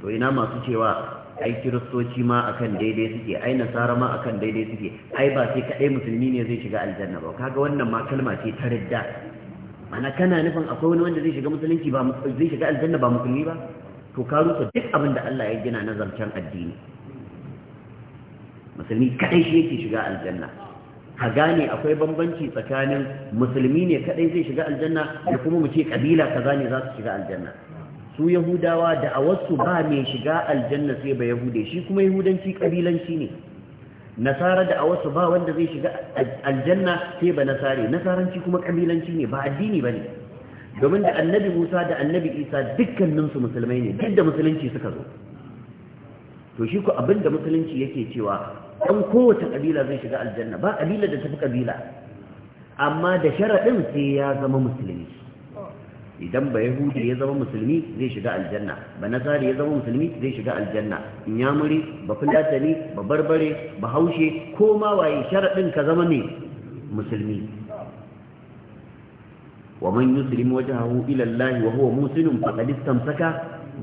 to ina masu cewa ai kiristoci ma akan daidai suke ai nasara ma akan daidai suke ai ba sai kadai musulmi ne zai shiga aljanna ba kaga wannan ma kalma ce ta ridda mana kana nufin akwai wani wanda zai shiga musulunci ba zai shiga aljanna ba musulmi ba to ka rusa duk abin da Allah ya gina na zancen addini musulmi kadai shi yake shiga aljanna ka gane akwai bambanci tsakanin musulmi ne kadai zai shiga aljanna da kuma mu ce kabila kaza ne za su shiga aljanna su yahudawa da a wasu ba mai shiga aljanna sai ba yahude shi kuma yahudanci kabilanci ne nasara da a wasu ba wanda zai shiga aljanna sai ba nasare nasaranci kuma kabilanci ne ba addini ne. domin da annabi Musa da annabi Isa dukkaninsu musulmai ne duk da musulunci suka zo to shi ku abinda musulunci yake cewa dan kowace kabila zai shiga aljanna ba ƙabila da tafi kabila amma da sharaɗin sai ya zama musulmi idan ba yahudi ya zama musulmi zai shiga aljanna ba nasari ya zama musulmi zai shiga aljanna in ya muri ba fulatani ba barbare ba haushe ko ma waye sharaɗin ka zama ne musulmi ومن يسلم وجهه إلى الله وهو موسن فقد استمسك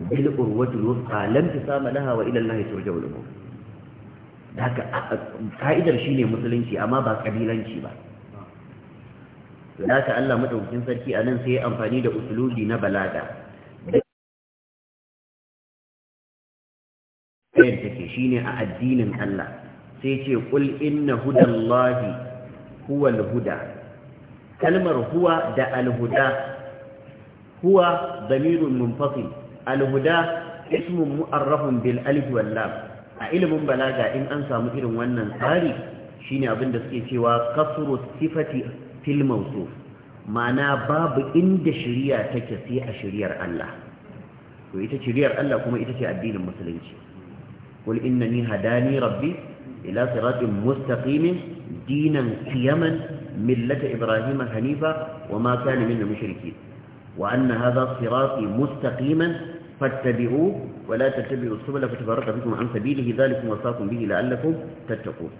بالقروة الوثقى لا انفصام لها وإلى الله ترجع الأمور da ka'idar shi ne musulunci amma ba kabilanci ba da haka Allah madaukakin sarki a nan sai ya amfani da usuludi na balaga ɗayan take shi ne a addinin Allah sai ce ƙul inna hudallahi huwa huda kalmar huwa da alhuda huwa damirun munfasil alhuda ismun mu'arrafin bil alif wal lam a ilimin balaga in an samu irin wannan tsari shine abin da suke cewa kasru sifati fil mawsuf ma'ana babu inda shari'a take sai a shari'ar Allah to ita shari'ar Allah kuma ita ce addinin musulunci qul innani hadani rabbi ila siratin mustaqimin dinan qiyaman millata ibrahim hanifa wa ma kana minal mushrikeen wa anna hadha sirati mustaqiman fattabi'uhu ولا تتبعوا السبل فتفرق بكم عن سبيله ذلكم وصاكم به لعلكم تتقون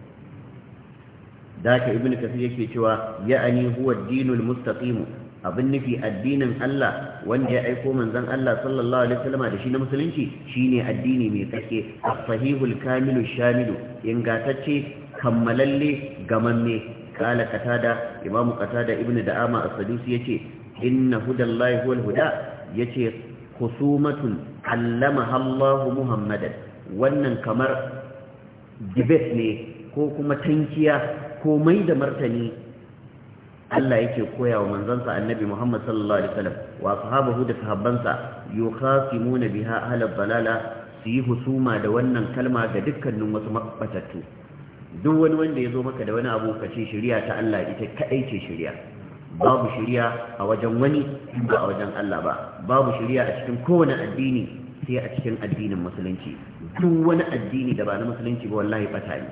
ذاك ابن كثير يكي يعني هو الدين المستقيم abin nufi addinin Allah wanda ya aiko manzon Allah sallallahu alaihi wasallam da shi na musulunci shine addini mai tsake as-sahihul kamilu shamilu ingatacce kammalalle mamme. kala katada imamu katada ibnu da'ama as-sadusi yace inna hudallahi huwal huda yace khusumatun allamaha Allahu Muhammadan wannan kamar debate ne ko kuma tankiya ko mai da martani Allah yake koya wa manzansa annabi Muhammad sallallahu alaihi wasallam wa sahabahu da sahabbansa yukhasimuna biha ahla dalala su yi husuma da wannan kalma ga dukkanin wasu mabatattu duk wani wanda ya zo maka da wani abu ka ce shari'a ta Allah ita kadai ce shari'a babu shari'a a wajen wani ba a wajen Allah ba babu shari'a a cikin kowane addini sai a cikin addinin musulunci duk wani addini da ba na musulunci ba wallahi bata ne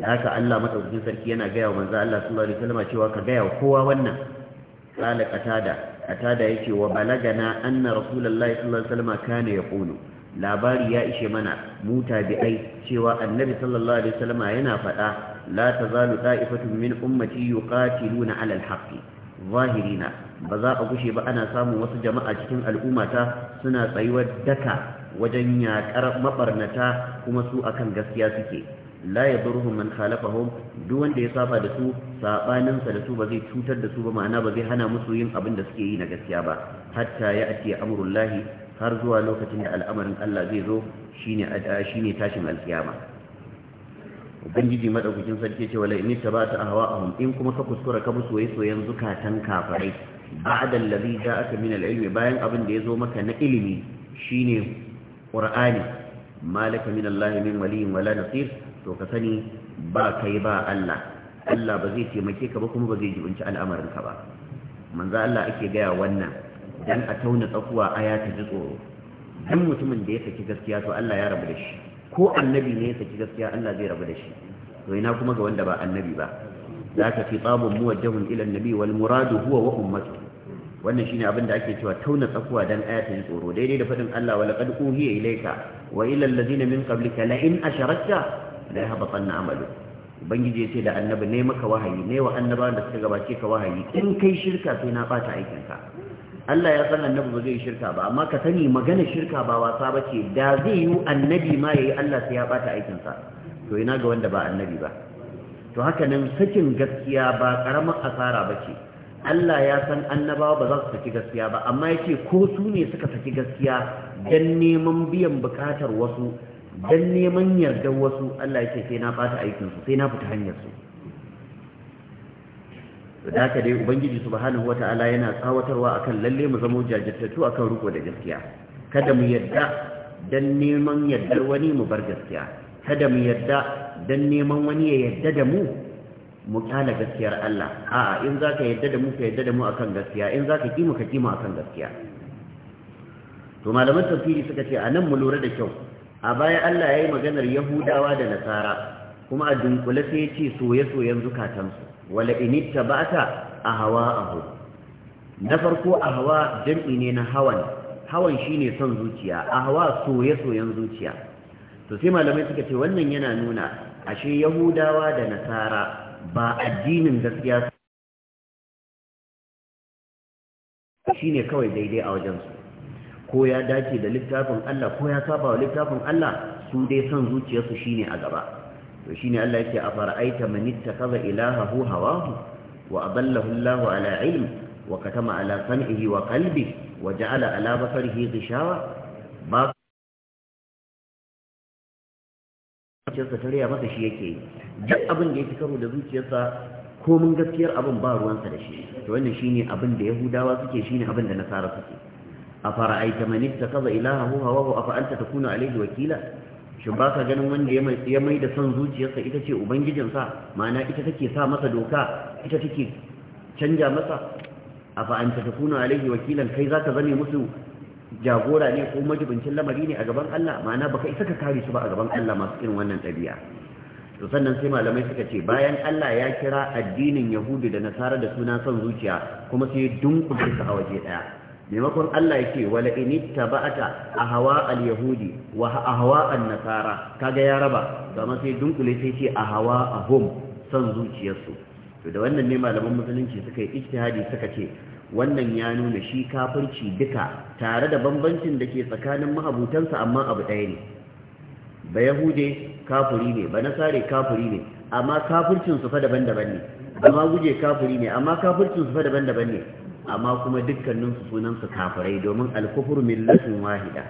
da haka Allah madaukakin sarki yana gaya wa manzo Allah sallallahu alaihi wasallam cewa ka gaya wa kowa wannan qala qatada qatada yake wa balagana anna rasulullahi sallallahu alaihi wasallam kana yaqulu labari ya ishe mana mu tabi'ai cewa annabi sallallahu alaihi wasallam yana faɗa la tazalu ta'ifatun min ummati yuqatiluna 'ala al-haqqi na. ba za a gushe ba ana samun wasu jama'a cikin al'ummata suna tsayuwar daka wajen yaƙar maɓarnata kuma su akan gaskiya suke la yadurruhum man khalafahum duk wanda ya safa da su sabanin da su ba zai cutar da su ba ma'ana ba zai hana musu yin abin da suke yi na gaskiya ba hatta ya ati amrullahi har zuwa lokacin da al'amarin Allah zai zo shine shine tashin alkiyama ubangiji madaukakin sarki ce wala inni tabata ahwa'ahum in kuma ka kuskura ka bi soyayyen zukatan kafirai ba'da allazi ja'aka min al-ilmi bayan abin da yazo maka na ilimi shine qur'ani malaka min allahi min waliyin wala nasir to ka sani ba kai ba Allah Allah ba zai taimake ka ba kuma ba zai jibinci al'amarin ka ba manzo Allah ake gaya wannan dan a tauna tsakuwa aya ta ji tsoro dan mutumin da ya saki gaskiya to Allah ya rabu da shi ko annabi ne ya saki gaskiya Allah zai rabu da shi to ina kuma ga wanda ba annabi ba zaka fi tabun muwajjahun ila annabi wal muradu huwa wa ummatu wannan shine abin da ake cewa tauna tsakuwa dan aya ta tsoro daidai da fadin Allah wa laqad uhiya ilayka wa ila allazina min qablika la in asharakta la yahbatanna amalu ubangiji yace da annabi ne maka wahayi ne wa annabawan da suka gabace ka wahayi in kai shirka sai na bata aikinka Allah ya san annabi ba zai shirka ba amma ka sani magana shirka ba wasa ba ce da zai yi annabi ma yayi Allah sai ya bata aikinsa to ina ga wanda ba annabi ba to haka nan sakin gaskiya ba karamar asara ba ce Allah ya san annabawa ba za su saki gaskiya ba amma ya ce ko su ne suka saki gaskiya dan neman biyan bukatar wasu dan neman yardar wasu Allah yace sai na bata aikinsu sai na fita hanyarsu da haka dai ubangiji subhanahu wata'ala yana tsawatarwa akan lalle mu zama jajirtattu akan riko da gaskiya kada mu yadda dan neman yaddar wani mu bar gaskiya kada mu yadda dan neman wani ya yadda da mu mu kana gaskiyar Allah a'a in zaka yadda da mu ka yadda da mu akan gaskiya in zaka ki mu ka ki mu akan gaskiya to malaman tafsiri suka ce anan mu lura da kyau a baya Allah yayi maganar Yahudawa da Nasara kuma a dunkule sai ya ce soye-soyen zukatansu wala inita bata hawa ahu. na farko ahwa jam'i ne na hawan hawan shine son zuciya ahwa soye-soyen zuciya to sai malamai suka ce wannan yana nuna ashe yahudawa da nasara ba addinin gaskiya shine kawai daidai a wajensu ko ya dace da littafin Allah ko ya saba wa littafin Allah su dai son zuciyarsu shine a gaba to shine Allah yake a fara'aita man ittakhadha ilahahu hawahu wa adallahu Allah ala ilm wa katama ala sam'ihi wa qalbihi wa ja'ala ala basarihi ghishawa ba zuciyarsa ta riya masa shi yake yi duk abin da ya fi karo da zuciyarsa ko mun gaskiyar abin ba ruwansa da shi to wannan shine abin da yahudawa suke shine abin da nasara suke a fara'aita man ittakhadha ilahahu hawahu afa anta takunu alayhi wakila shin ba ka ganin wanda ya mai da son zuciyarsa ita ce ubangijinsa ma'ana ita take sa masa doka ita take canja masa a fa'an ta takuna alaihi wakilan kai za ka zame musu jagora ne ko majibincin lamari ne a gaban Allah ma'ana baka isa ka kare su ba a gaban Allah masu irin wannan ɗabi'a to sannan sai malamai suka ce bayan Allah ya kira addinin yahudi da Nasara da suna son zuciya kuma sai dunkule su a waje ɗaya maimakon Allah yake wala in a ahwa al-yahudi wa ahwa an-nasara kaga ya raba zama sai dunkule sai ce ahwa ahum san zuciyarsu to da wannan ne malaman musulunci suka yi ijtihadi suka ce wannan ya nuna shi kafirci duka tare da bambancin da ke tsakanin mahabutansa amma abu ɗaya ne ba yahude kafiri ne ba nasare kafiri ne amma kafircin su fa daban-daban ne amma ma guje kafiri ne amma kafircin su fa daban-daban ne amma kuma dukkanin su sunan su kafirai domin alkufur millatun wahida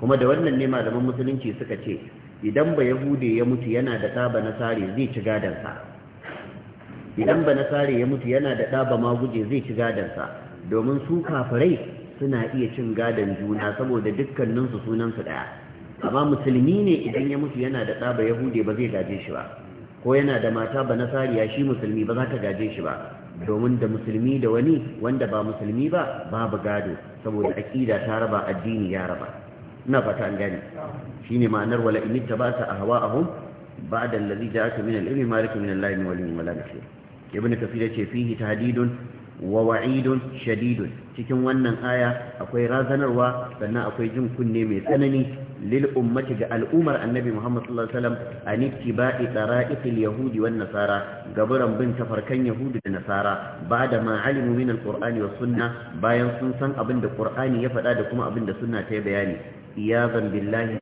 kuma da wannan ne malaman musulunci suka ce idan ba yahude ya mutu yana da ɗaba nasare zai ci gadon sa idan ba ya mutu yana da ɗaba maguje zai ci gadon sa domin su kafirai suna iya cin gadon juna saboda dukkanin su sunan su daya amma musulmi ne idan ya mutu yana da ɗaba yahude ba zai gaje shi ba ko yana da mata ba sariya shi musulmi ba za ta gaje shi ba domin da musulmi da wani wanda ba musulmi ba babu gado saboda aqida ta raba addini ya raba ina fata an gane shine ma'anar wala in a ahwa'ahum ba'da alladhi ja'aka min al-ilmi ma laka min Allah min waliyyin wala nasir ibn kafir yace fihi tahdidun wa wa'idun shadidun cikin wannan aya akwai razanarwa sannan akwai jin kunne mai tsanani Lil'ummati ga al'ummar annabi Muhammad sallallahu alaihi wasallam an ittiba'i tara'iqil yahudi wa nasara gaburan bin tafarkan yahudi da nasara ba'da da alimu min alqur'ani sunna bayan sun san abin da qur'ani ya faɗa da kuma abin da sunna ta bayani iyazan billahi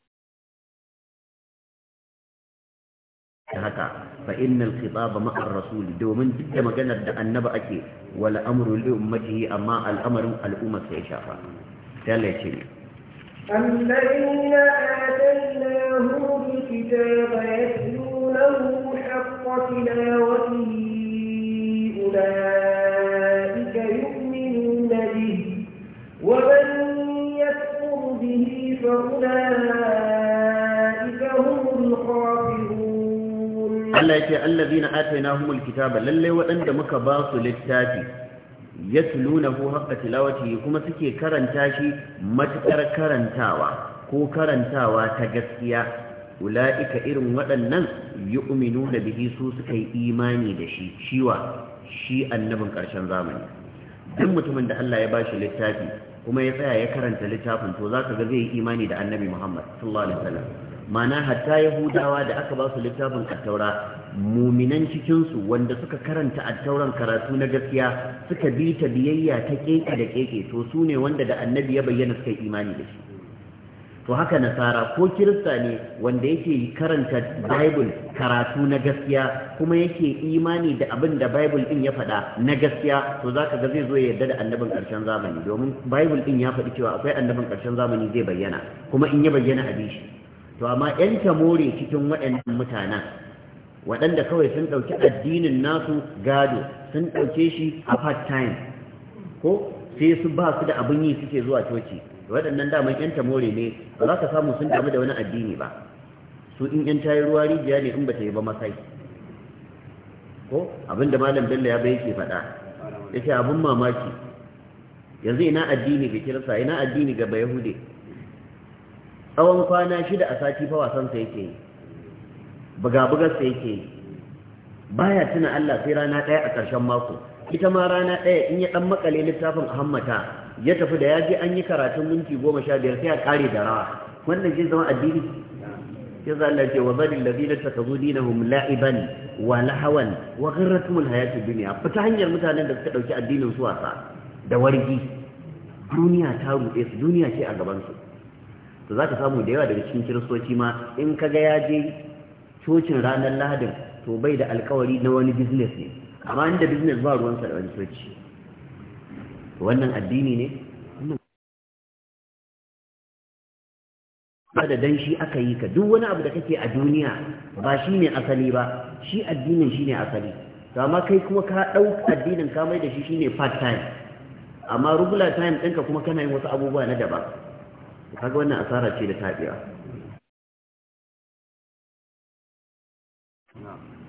haka fa innal khitaba ma'a rasul domin duk maganar da annaba ake wala amru li ummatihi amma al'amarin al'ummar sai shafa sai Allah ya ce الذين آتيناهم الكتاب يتلونه حق تلاوته أولئك يؤمنون به ومن يكفر به فأولئك هم الخاسرون الذين آتيناهم الكتاب للي وأنت مكباص للتاتي ya yatlunahu tilawa tilawatihi kuma suke karanta shi matuƙar karantawa ko karantawa ta gaskiya ula'ika irin waɗannan yu'minu da bihi su suka yi imani da shi shiwa shi annabin ƙarshen zamani duk mutumin da Allah ya bashi littafi kuma ya tsaya ya karanta littafin to zaka ga zai yi imani da annabi Muhammad sallallahu alaihi wasallam mana hatta yahudawa da aka ba su littafin attaura muminan cikinsu wanda suka karanta attauran karatu na gaskiya suka bi ta biyayya ta keke da keke to su ne wanda da annabi ya bayyana suka imani da shi to haka nasara ko kirista ne wanda yake karanta bible karatu na gaskiya kuma yake imani da abin da bible din ya faɗa na gaskiya to zaka ga zai zo ya yarda da annabin ƙarshen zamani domin bible din ya faɗi cewa akwai annabin ƙarshen zamani zai bayyana kuma in ya bayyana a shi to amma yan more cikin waɗannan mutanen waɗanda kawai sun ɗauki addinin nasu gado sun ɗauke shi a part time ko sai su ba su da abin yi suke zuwa coci waɗannan daman yan more ne ba za ka samu sun damu da wani addini ba su in yan yi ruwa rijiya ne in ba ta yi ba masai ko abinda malam bello ya bai yake faɗa yace abin mamaki yanzu ina addini ga kirista ina addini ga bayahude tsawon kwana shida a sati fa wasan sa yake yi buga sa yake yi baya tuna Allah sai rana ɗaya a ƙarshen mako ita ma rana ɗaya in ya ɗan makale littafin a hammata ya tafi da ya je an yi karatun minti goma sha biyar sai a ƙare da rawa wannan zai zama addini sai za Allah ce wa taka ladina takazu dinahum la'iban wa lahawan wa gharratumul hayatud dunya fita hanyar mutanen da suka dauki addinin su wasa da wargi duniya ta ruɗe su duniya ce a gaban su to za ka samu da yawa daga cikin kiristoci ma in ka ga ya je cocin ranar lahadin to bai da alkawari na wani business ne amma inda business ba ruwansa da wani coci wannan addini ne ba da dan shi aka yi ka duk wani abu da kake a duniya ba shi ne asali ba shi addinin shi ne asali kai kuma ka ɗauka addinin ka da shi shi ne part time amma rubula time ɗinka kuma kana yin wasu abubuwa na daban kaga wannan asara ce da tabiya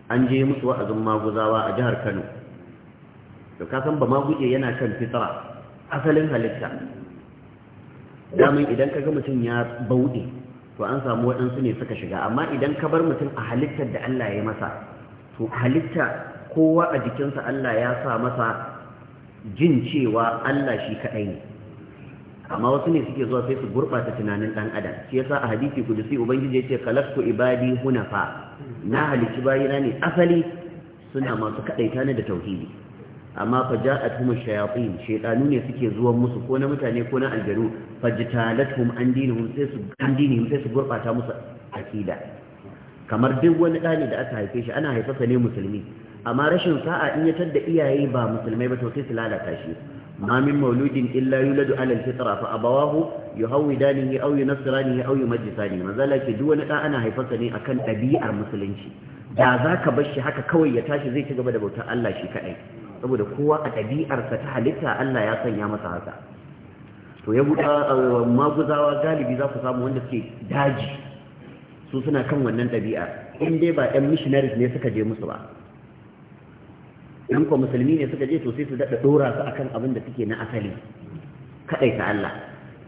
an je musu wa'azin maguzawa a jihar Kano to ka san ba maguje yana kan fitra asalin halitta damin idan ga mutum ya bauɗe to an samu waɗansu ne suka shiga amma idan ka bar mutum a halittar da Allah ya masa to halitta kowa a jikinsa Allah ya sa masa jin cewa Allah shi kaɗai ne amma wasu ne suke zuwa sai su gurɓata tunanin ɗan adam shi yasa a hadisi kudusi ubangiji ya ce kalaktu ibadi hunafa na halicci bayina ne asali suna masu kaɗaita ne da tauhidi amma fa ja'atuhum shayatin shaytanu ne suke zuwa musu ko na mutane ko na aljaru fajtalatuhum an dinihum sai su an sai su gurɓata musu akida kamar duk wani dani da aka haife shi ana sa ne musulmi amma rashin sa'a in ya tadda iyaye ba musulmai ba to sai su lalata shi ما من مولود إلا يولد على الفطرة فأبواه يهودانه أو ينصرانه أو يمجسانه ما ذلك دون أنا ne أكن أبيع musulunci. da za ka bar shi haka kawai ya tashi zai ci gaba da bautar Allah shi kaɗai saboda kowa a ɗabi'arsa ta halitta Allah ya sanya masa haka to ya buɗa maguzawa galibi za ku samu wanda suke daji su suna kan wannan ɗabi'a in dai ba ɗan missionaries ne suka je musu ba in ko musulmi ne suka je to sai su daɗa ɗora su akan abin da suke na asali kaɗai ta Allah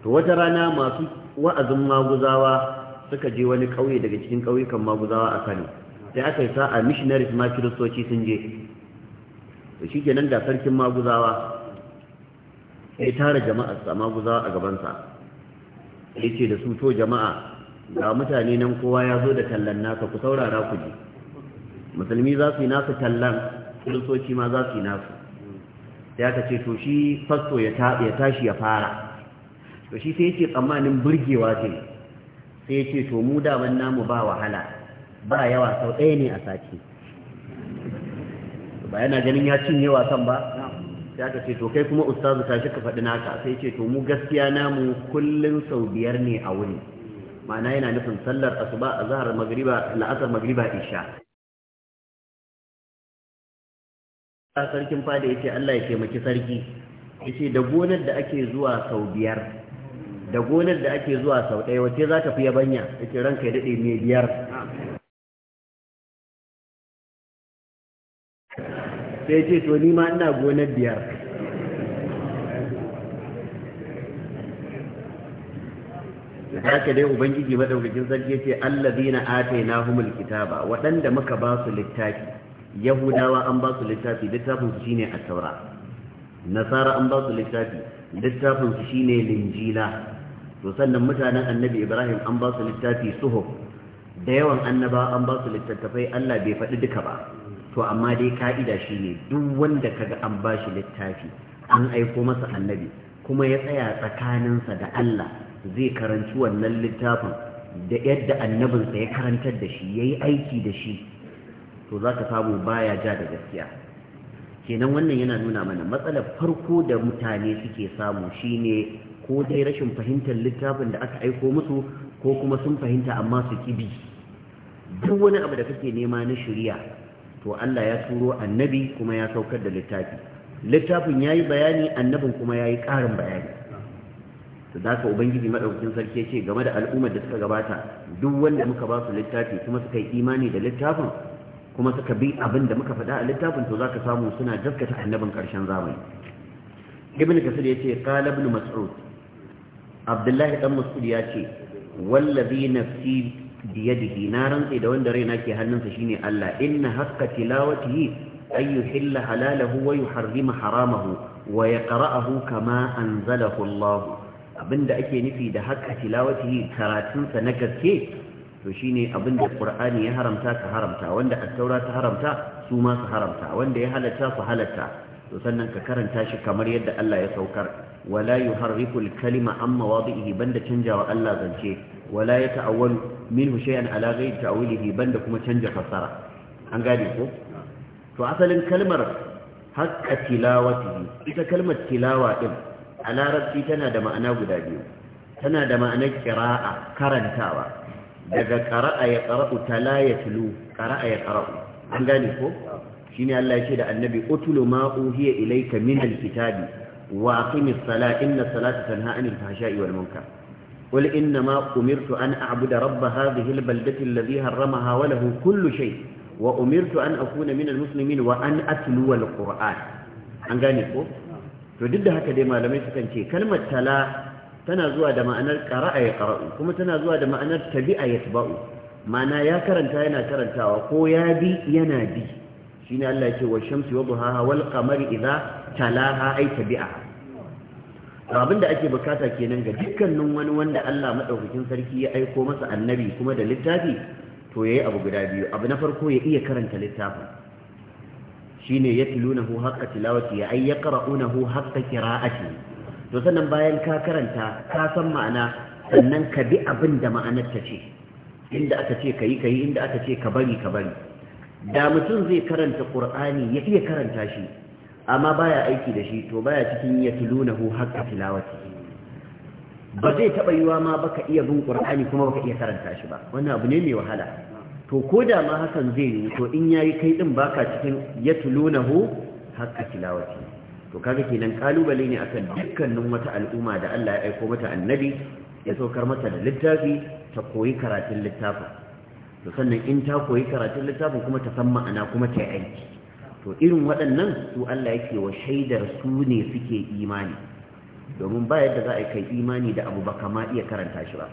to wata rana masu wa'azin maguzawa suka je wani ƙauye daga cikin ƙauyukan maguzawa a Kano sai aka yi sa'a missionaries ma kiristoci sun je to shi kenan da sarkin maguzawa ya tara a maguzawa a gabansa ya ce da su to jama'a ga mutane nan kowa ya zo da tallan naka, ku saurara ku ji musulmi za su yi nasu tallan kiristoci ma za su yi nasu ya aka ce to shi fasto ya tashi ya fara to shi sai ce tsammanin burgewa ce sai ce to mu daban namu ba wahala ba yawa sau ɗaya ne a sati ba yana ganin ya cinye wasan ba ya aka ce to kai kuma ustazu shi ka faɗi naka sai ce to mu gaskiya namu kullum sau biyar ne a wuri ma'ana yana nufin sallar asuba zahar magriba la'asar magriba isha A sarkin fada ya ce Allah ya taimaki sarki ya ce da gonar da ake zuwa sau biyar da gonar da ake zuwa sau ɗaya wace za ta fi yabanya ya ce ranka ya daɗe mai biyar sai ce to ni ma ina gonar biyar haka dai ubangiji madaukakin sarki ya ce allazina atainahumul kitaba waɗanda muka ba su littafi yahudawa an ba su littafi littafin su shine a taura nasara an ba su littafi littafin su shine linjila to sannan mutanen annabi ibrahim an ba su littafi suhuf da yawan annaba an ba su littattafai Allah bai faɗi duka ba to amma dai ka'ida shine duk wanda kaga an ba shi littafi an aiko masa annabi kuma ya tsaya tsakaninsa da Allah zai karanci wannan littafin da yadda annabinsa ya karantar da shi ya yi aiki da shi to za ka samu baya ja da gaskiya kenan wannan yana nuna mana matsalar farko da mutane suke samu shine ko dai rashin fahimtar littafin da aka aiko musu ko kuma sun fahimta amma su kibi duk wani abu da kake nema na shirya to Allah ya turo annabi kuma ya saukar da littafi littafin yayi bayani annabin kuma yayi ƙarin bayani da ka ubangiji madaukakin sarki ya ce game da al'ummar da suka gabata duk wanda muka ba su littafi kuma suka yi imani da littafin kuma suka bi abin da muka fada a littafin to zaka samu suna gaskata annabin ƙarshen zamani ibn kasir yace qala ibn mas'ud abdullahi dan mas'ud yace wallazi nafsi biyadihi na rantsi da wanda raina ke hannunsa shine Allah inna haqqa tilawatihi ay yuhilla halalahu wa yuharrima haramahu wa yaqra'ahu kama anzalahu Allah abinda ake nufi da haqqa tilawatihi karatunsa na gaske to shine abin da ƙur'ani ya haramta ka haramta wanda attaura ta haramta su ma su haramta wanda ya halatta su halatta to sannan ka karanta shi kamar yadda Allah ya saukar wala yuharriku al-kalima an mawadihi banda canjawa Allah zance wala yata'awwalu minhu shay'an ala ghayri ta'wilihi banda kuma canja fasara an gane ko to asalin kalmar haqqa tilawatihi ita kalmar tilawa din a larabci tana da ma'ana guda biyu tana da ma'anar qira'a karantawa daga qara'a ya qara'u tala ya tulu qara'a ya qara'u an gane ko Allah ce da annabi Otulo ma uhiya ilaika min alkitabi wa aqimis salata inna salata tanha anil fahsha'i wal munkar قل إنما أمرت أن أعبد رب هذه البلدة الذي هرمها وله كل شيء وأمرت أن أكون من المسلمين وأن أتلو القرآن an gane ko to duk da haka dai malamai sukan ce kalmar tala tana zuwa da ma'anar qara'a ya qara'u kuma tana zuwa da ma'anar tabi'a ya taba'u ma'ana ya karanta yana karantawa ko ya bi yana bi ne Allah ce wa shamsi wa duhaha wal qamari idha talaha ai tabi'a. abin da ake bukata kenan ga dukkanin wani wanda Allah madaukakin sarki ya aiko masa annabi kuma da littafi to yayi abu guda biyu abu na farko ya iya karanta littafin shine yatlunahu haqqa tilawati ya ay yaqra'unahu haqqa qira'ati to sannan bayan ka karanta ka san ma'ana sannan ka bi abin da ma'anar ta ce inda aka ce ka yi ka yi inda aka ce ka bari ka bari da mutum zai karanta ƙur'ani ya iya karanta shi amma baya aiki da shi to baya cikin ya tulunahu haqqa tilawati ba zai taba yiwa ma baka iya bin qur'ani kuma baka iya karanta shi ba wannan abu ne mai wahala to ko da ma hakan zai yi to in yayi kai din baka cikin ya tulunahu haqqa tilawati to kaga kenan kalubale ne akan dukkanin wata al'umma da Allah ya aiko mata annabi ya saukar mata da littafi ta koyi karatun littafin to sannan in ta koyi karatun littafin kuma ta san ma'ana kuma ta yi aiki to irin waɗannan su Allah yake wa shaidar su ne suke imani domin ba yadda za a kai imani da abu ba kama iya karanta shi ba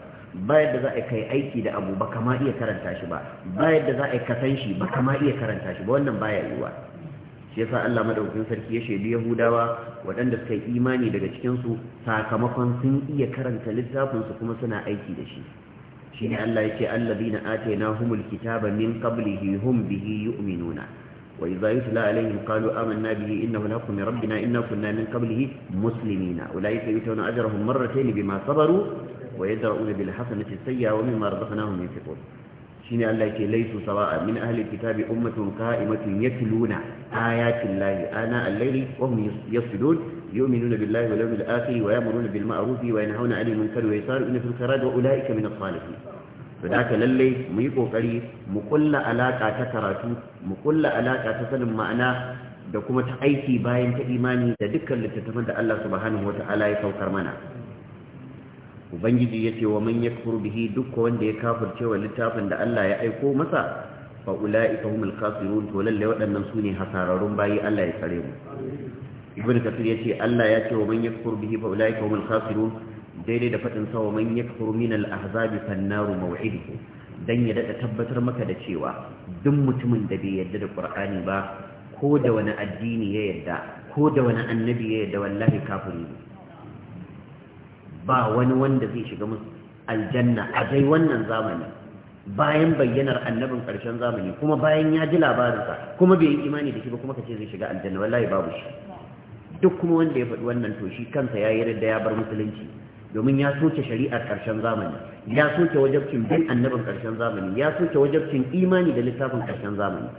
ba yadda za a kai aiki da abu ba kama iya karanta shi ba ba yadda za a kasan shi ba kama iya karanta shi ba wannan baya yiwuwa shi yasa Allah madaukakin sarki ya shaidi Yahudawa waɗanda suka yi imani daga cikin su sakamakon sun iya karanta littafin su kuma suna aiki da shi shine Allah yake alladhina atainahumul kitaba min qablihi hum bihi yu'minuna wa idza yutla alaihim qalu amanna bihi innahu lakum min rabbina inna kunna min qablihi muslimina ulaika yutawna ajrahum marratayn bima sabaru wa yadra'una bil hasanati sayyi'a wa mimma razaqnahum yunfiqun shine Allah ke laisu sawa min ahli kitabi ummatun qa'imatun yatluna ayatin lahi ana al-layli wa hum yasudun yu'minuna billahi wal yawmil akhir wa yamuruna bil ma'ruf wa yanhauna 'anil munkari wa yasaruna fil khairat wa ulaika min as-salihin fadaka lallai mu yi kokari mu ƙulla alaƙa ta karatu mu ƙulla alaka ta sanin ma'ana da kuma ta aiki bayan ta imani da dukkan littattafan da Allah subhanahu wa ta'ala ya saukar mana ubangiji ya ce wa man yakfur bihi duk wanda ya kafirce wa littafin da Allah ya aiko masa fa ulaika humul khasirun to lalle waɗannan sune hasararrun bayi Allah ya tsare mu ibn kafir ya ce Allah ya ce wa man yakfur bihi fa ulaika humul khasirun daidai da fadin sa wa man yakfur min al ahzabi fan naru maw'iduhu dan ya dada tabbatar maka da cewa duk mutumin da bai yarda da qur'ani ba ko da wani addini ya yarda ko da wani annabi ya yarda wallahi kafiri ne ba wani wanda zai shiga musu aljanna a dai wannan zamani bayan bayyanar annabin ƙarshen zamani kuma bayan ya ji labarinsa kuma bai yi imani da shi ba kuma kace zai shiga aljanna wallahi babu shi duk kuma wanda ya faɗi wannan to shi kansa ya yi da ya bar musulunci domin ya soke shari'ar ƙarshen zamani ya soke wajabcin bin annabin ƙarshen zamani ya soke wajabcin imani da littafin ƙarshen zamani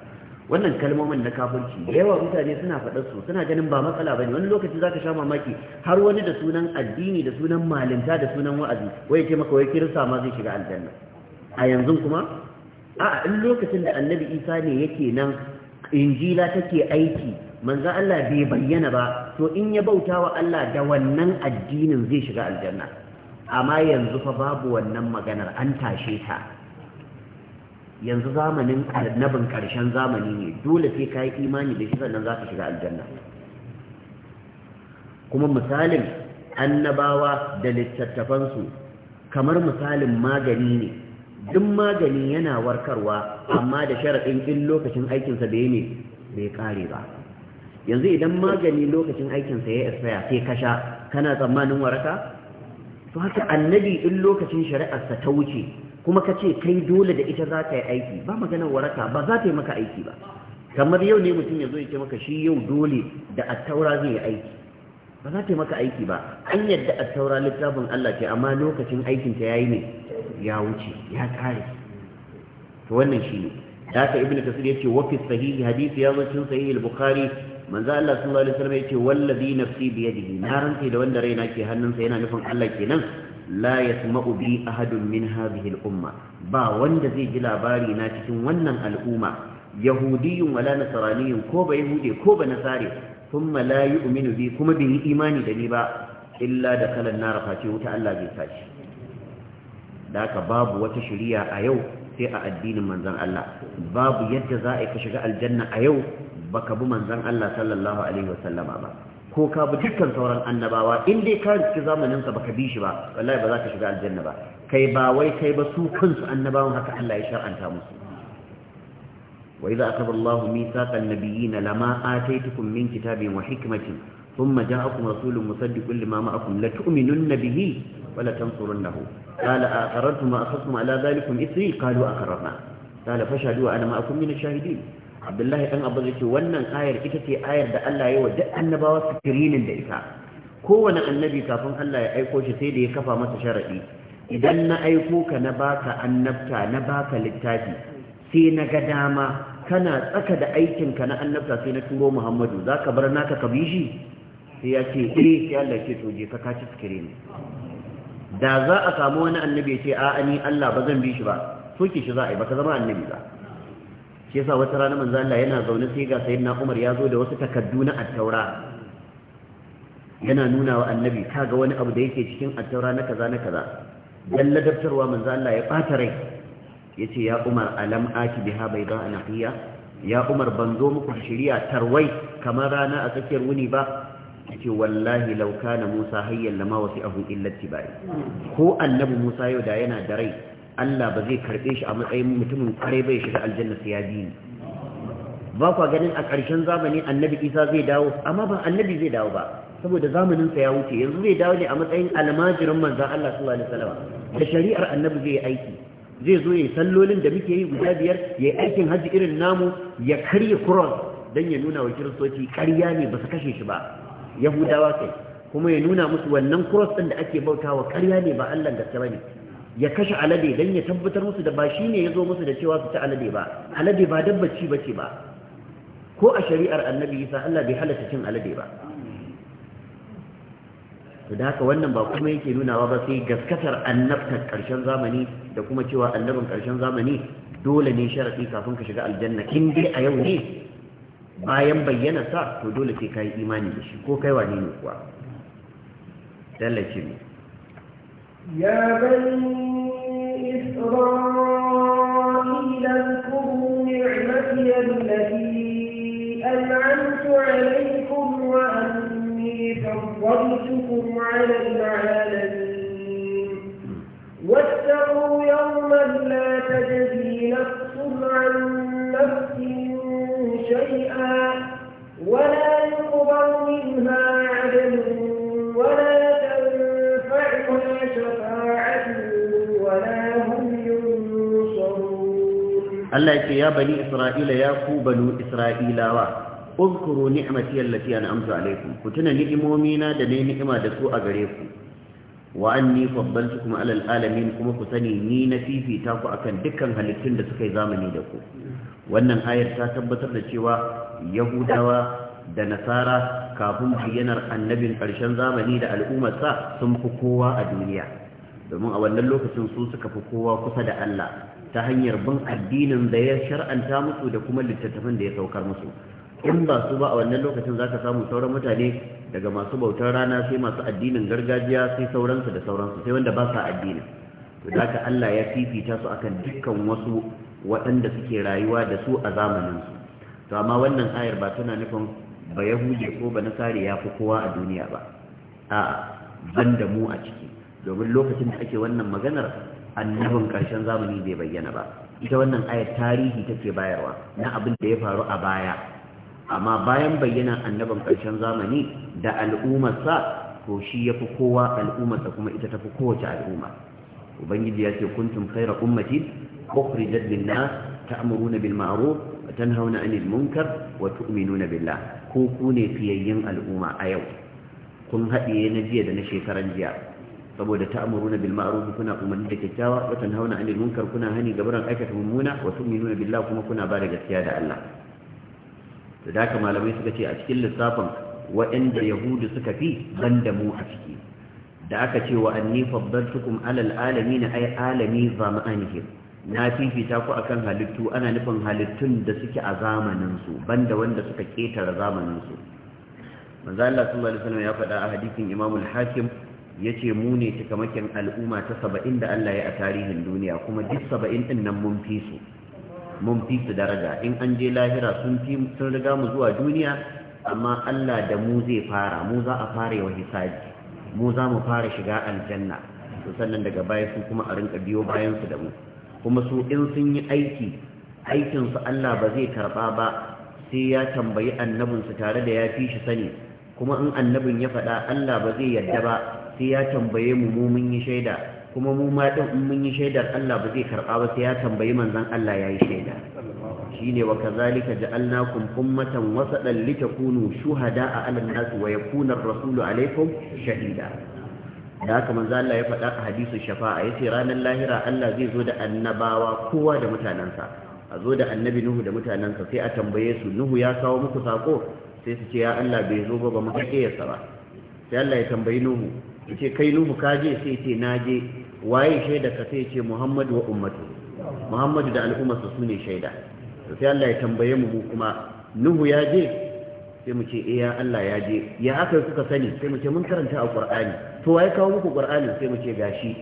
wannan kalmomin na kafirci da yawa mutane suna faɗar su suna ganin ba matsala bane wani lokaci zaka sha mamaki har wani da sunan addini da sunan malinta da sunan wa'azi wai ce maka wai kirista ma zai shiga aljanna a yanzu kuma a in lokacin da annabi isa ne yake nan injila take aiki manzo Allah bai bayyana ba to in ya bauta wa Allah da wannan addinin zai shiga aljanna amma yanzu fa babu wannan maganar an tashe ta yanzu zamanin annabin ƙarshen zamani ne dole sai ka yi imani da shi sannan za ka shiga aljanna kuma misalin annabawa da littattafansu kamar misalin magani ne duk magani yana warkarwa amma da sharaɗin in lokacin aikinsa bai ne bai ƙare ba yanzu idan magani lokacin aikinsa ya isa sai ka sha kana tsammanin waraka to haka annabi in lokacin shari'arsa ta wuce kuma ka ce kai dole da ita za ta yi aiki ba maganar waraka ba za ta yi maka aiki ba kamar yau ne mutum ya zo ya ce maka shi yau dole da attaura zai yi aiki ba za ta yi maka aiki ba an yadda attaura littafin Allah ce amma lokacin aikin ta yayi ne ya wuce ya kare to wannan Da haka ibnu kasir yace wa fi sahihi hadisi ya zo cikin sahihi al-bukhari manzo Allah sallallahu alaihi wasallam yace wallazi nafsi bi na rantsi da wanda raina ke hannunsa yana nufin Allah kenan la ma'ubi a ahadun min umma ba wanda zai ji labari na cikin wannan al'umma Yahudiyun, wala nasraniyyun ko ba yahude ko ba nasare thumma la yu'minu bi kuma bi imani da ni ba illa da kalan nar face wuta Allah zai tashi da haka babu wata shari'a a yau sai a addinin manzon Allah babu yadda za a ka shiga aljanna a yau baka bi manzon Allah sallallahu alaihi wasallama ba ko ka bi dukkan sauran annabawa in dai ka zamanin sa ba ka bi shi ba wallahi ba za ka shiga aljanna ba kai ba wai kai ba su kansu annabawan haka Allah ya shar'anta musu wai idza akhadha Allahu mithaqa an-nabiyyin lama atai tukumin kitabin wa hikmatin thumma ja'akum rasulun musaddiqun lima ma'akum la tu'minunna bihi wa la tansurunnahu qala aqarrtum ma akhadhtum ala dhalikum ithri qalu aqarrna qala fashhadu ana ma'akum min ash-shahidin abdullahi dan zai ce wannan ayar ita ce ayar da Allah ya duk annabawa sikirinin da ita kowane annabi kafin Allah ya aiko shi sai da ya kafa masa sharaɗi idan na aiko ka na baka annabta na baka littafi sai na ga dama kana tsaka da aikin ka na annabta sai na turo Muhammadu zaka bar naka ka bi shi sai ya ce eh sai Allah ya ce to je ka kaci sikirin. da za a samu wani annabi ya ce a'a ni Allah ba zan bi shi ba soke shi za a yi ba ka zama annabi ba shi yasa wata rana manzo Allah yana zaune sai ga sayyidina Umar ya zo da wasu takaddu na at-taura yana nuna wa annabi kaga wani abu da yake cikin at-taura na kaza na kaza dan ladabtarwa manzo Allah ya bata rai yace ya Umar alam aki biha bayda naqiya ya Umar ban zo muku shiriya tarwai kamar rana a tsakiyar wuni ba yace wallahi law kana Musa hayyan lama wasi'ahu illa tibai ko annabi Musa yau da yana da rai Allah ba zai karɓe shi a matsayin mutumin kare bai shiga aljanna sai ya bi ba kwa ganin a ƙarshen zamani annabi isa zai dawo amma ba annabi zai dawo ba saboda zamanin sa ya wuce yanzu zai dawo ne a matsayin almajirin manza Allah sallallahu alaihi wasallam da shari'ar annabi zai aiki zai zo yayi sallolin da muke yi guda biyar ya yi aikin haji irin namu ya karya cross dan ya nuna wa kiristoci ƙarya ne ba su kashe shi ba yahudawa kai kuma ya nuna musu wannan cross din da ake bautawa ƙarya ne ba Allah gaskiya bane ya kashe alade don ya tabbatar musu da ba shi ne ya zo musu da cewa su ci alade ba alade ba dabbaci ba ce ba ko a shari'ar annabi isa allah bai halatta cin alade ba to da haka wannan ba kuma yake nunawa ba sai gaskatar annabtar karshen zamani da kuma cewa annabin karshen zamani dole ne sharaɗi kafin ka shiga aljanna in dai a yau ne bayan bayyana sa to dole sai ka yi imani da shi ko kai wane ne kuwa ne يا بني إسرائيل اذكروا نعمتي التي أنعمت عليكم وأني فضلتكم على العالمين واتقوا يوما لا تجزي نفس عن نفس شيئا ولا Allah yake ya bani Isra'ila ya ku banu Isra'ilawa uzkuru ni'mati allati an'amtu alaykum ku tuna ni'imomi na da ne ni'ima da su a gare ku wa anni faddaltukum ala alamin kuma ku sani ni na fifita ku akan dukkan halittun da suka yi zamani da ku wannan ayar ta tabbatar da cewa yahudawa da nasara kafin bayyanar annabin ƙarshen zamani da al'ummarsa sun fi kowa a duniya domin a wannan lokacin su suka fi kowa kusa da Allah ta hanyar bin addinin da ya shar'anta musu da kuma littattafan da ya saukar musu in ba su ba a wannan lokacin za ka samu sauran mutane daga masu bautar rana sai masu addinin gargajiya sai sauransu da sauransu sai wanda ba sa addinin to da ka Allah ya fifita su akan dukkan wasu waɗanda suke rayuwa da su a zamaninsu to amma wannan ayar ba tana nufin ba yahudi ko ba nasari ya fi kowa a duniya ba A'a banda mu a ciki domin lokacin da ake wannan maganar annabin ƙarshen zamani bai bayyana ba ita wannan ayar tarihi take bayarwa na abin da ya faru a baya amma bayan bayyana annabin ƙarshen zamani da al'ummarsa to shi ya fi kowa al'ummarsa kuma ita ta fi kowace al'umma ubangiji ya ce kuntum khaira ummati ukhrijat lin-nas ta'muruna bil ma'ruf wa tanhauna 'anil munkar wa tu'minuna billah ko ku ne fiyayyin al'umma a yau kun haɗiye na jiya da na shekaran jiya saboda ta'muruna bil ma'ruf kuna umarni da kyakkyawa wa tanhauna 'anil munkar kuna hani gabaran aikata mummuna wa tu'minuna billahi kuma kuna ba da gaskiya da Allah to da haka malamai suka ce a cikin lissafin waɗanda yahudu suka fi banda mu a ciki da aka ce wa anni faddaltukum alal alamin ay alami zamanihim na fifita ku akan halittu ana nufin halittun da suke a zamanin su banda wanda suka ketara zamanin su manzo Allah sallallahu alaihi wasallam ya faɗa a hadisin Imam al-Hakim ya ce mu ne cikamakin al'umma ta saba'in da Allah ya a tarihin duniya kuma duk saba'in ɗin nan mun fi su mun fi su daraja in an je lahira sun fi sun riga mu zuwa duniya amma Allah da mu zai fara mu za a fara yawa hisabi mu za mu fara shiga aljanna to sannan daga baya su kuma a rinka biyo bayan su da mu kuma su in sun yi aiki aikin su Allah ba zai karba ba sai ya tambayi annabinsu tare da ya fi shi sani kuma in annabin ya faɗa Allah ba zai yarda ba sai ya tambaye mu mu mun yi shaida kuma mu ma din in mun yi shaidar Allah ba zai karba ba sai ya tambayi manzon Allah yayi shaida shine wa kazalika ja'alnakum ummatan wasadan litakunu shuhada'a a nas wa yakuna ar-rasulu 'alaykum shahida da haka manzo Allah ya faɗa a hadisin shafa'a yace ranar lahira Allah zai zo da annabawa kowa da mutanansa a zo da annabi Nuhu da mutanansa sai a tambaye su Nuhu ya kawo muku sako sai su ce ya Allah bai zo ba ba mu ga ba sai Allah ya tambayi Nuhu su ce kai nuhu ka je sai ce na je waye shaida ka sai ce muhammadu wa ummatu muhammadu da al'ummarsa su ne shaida to sai Allah ya tambaye mu kuma nuhu ya je sai mu ce eh ya Allah ya je ya aka kuka sani sai mu ce mun karanta a qur'ani to waye kawo muku qur'ani sai mu ce gashi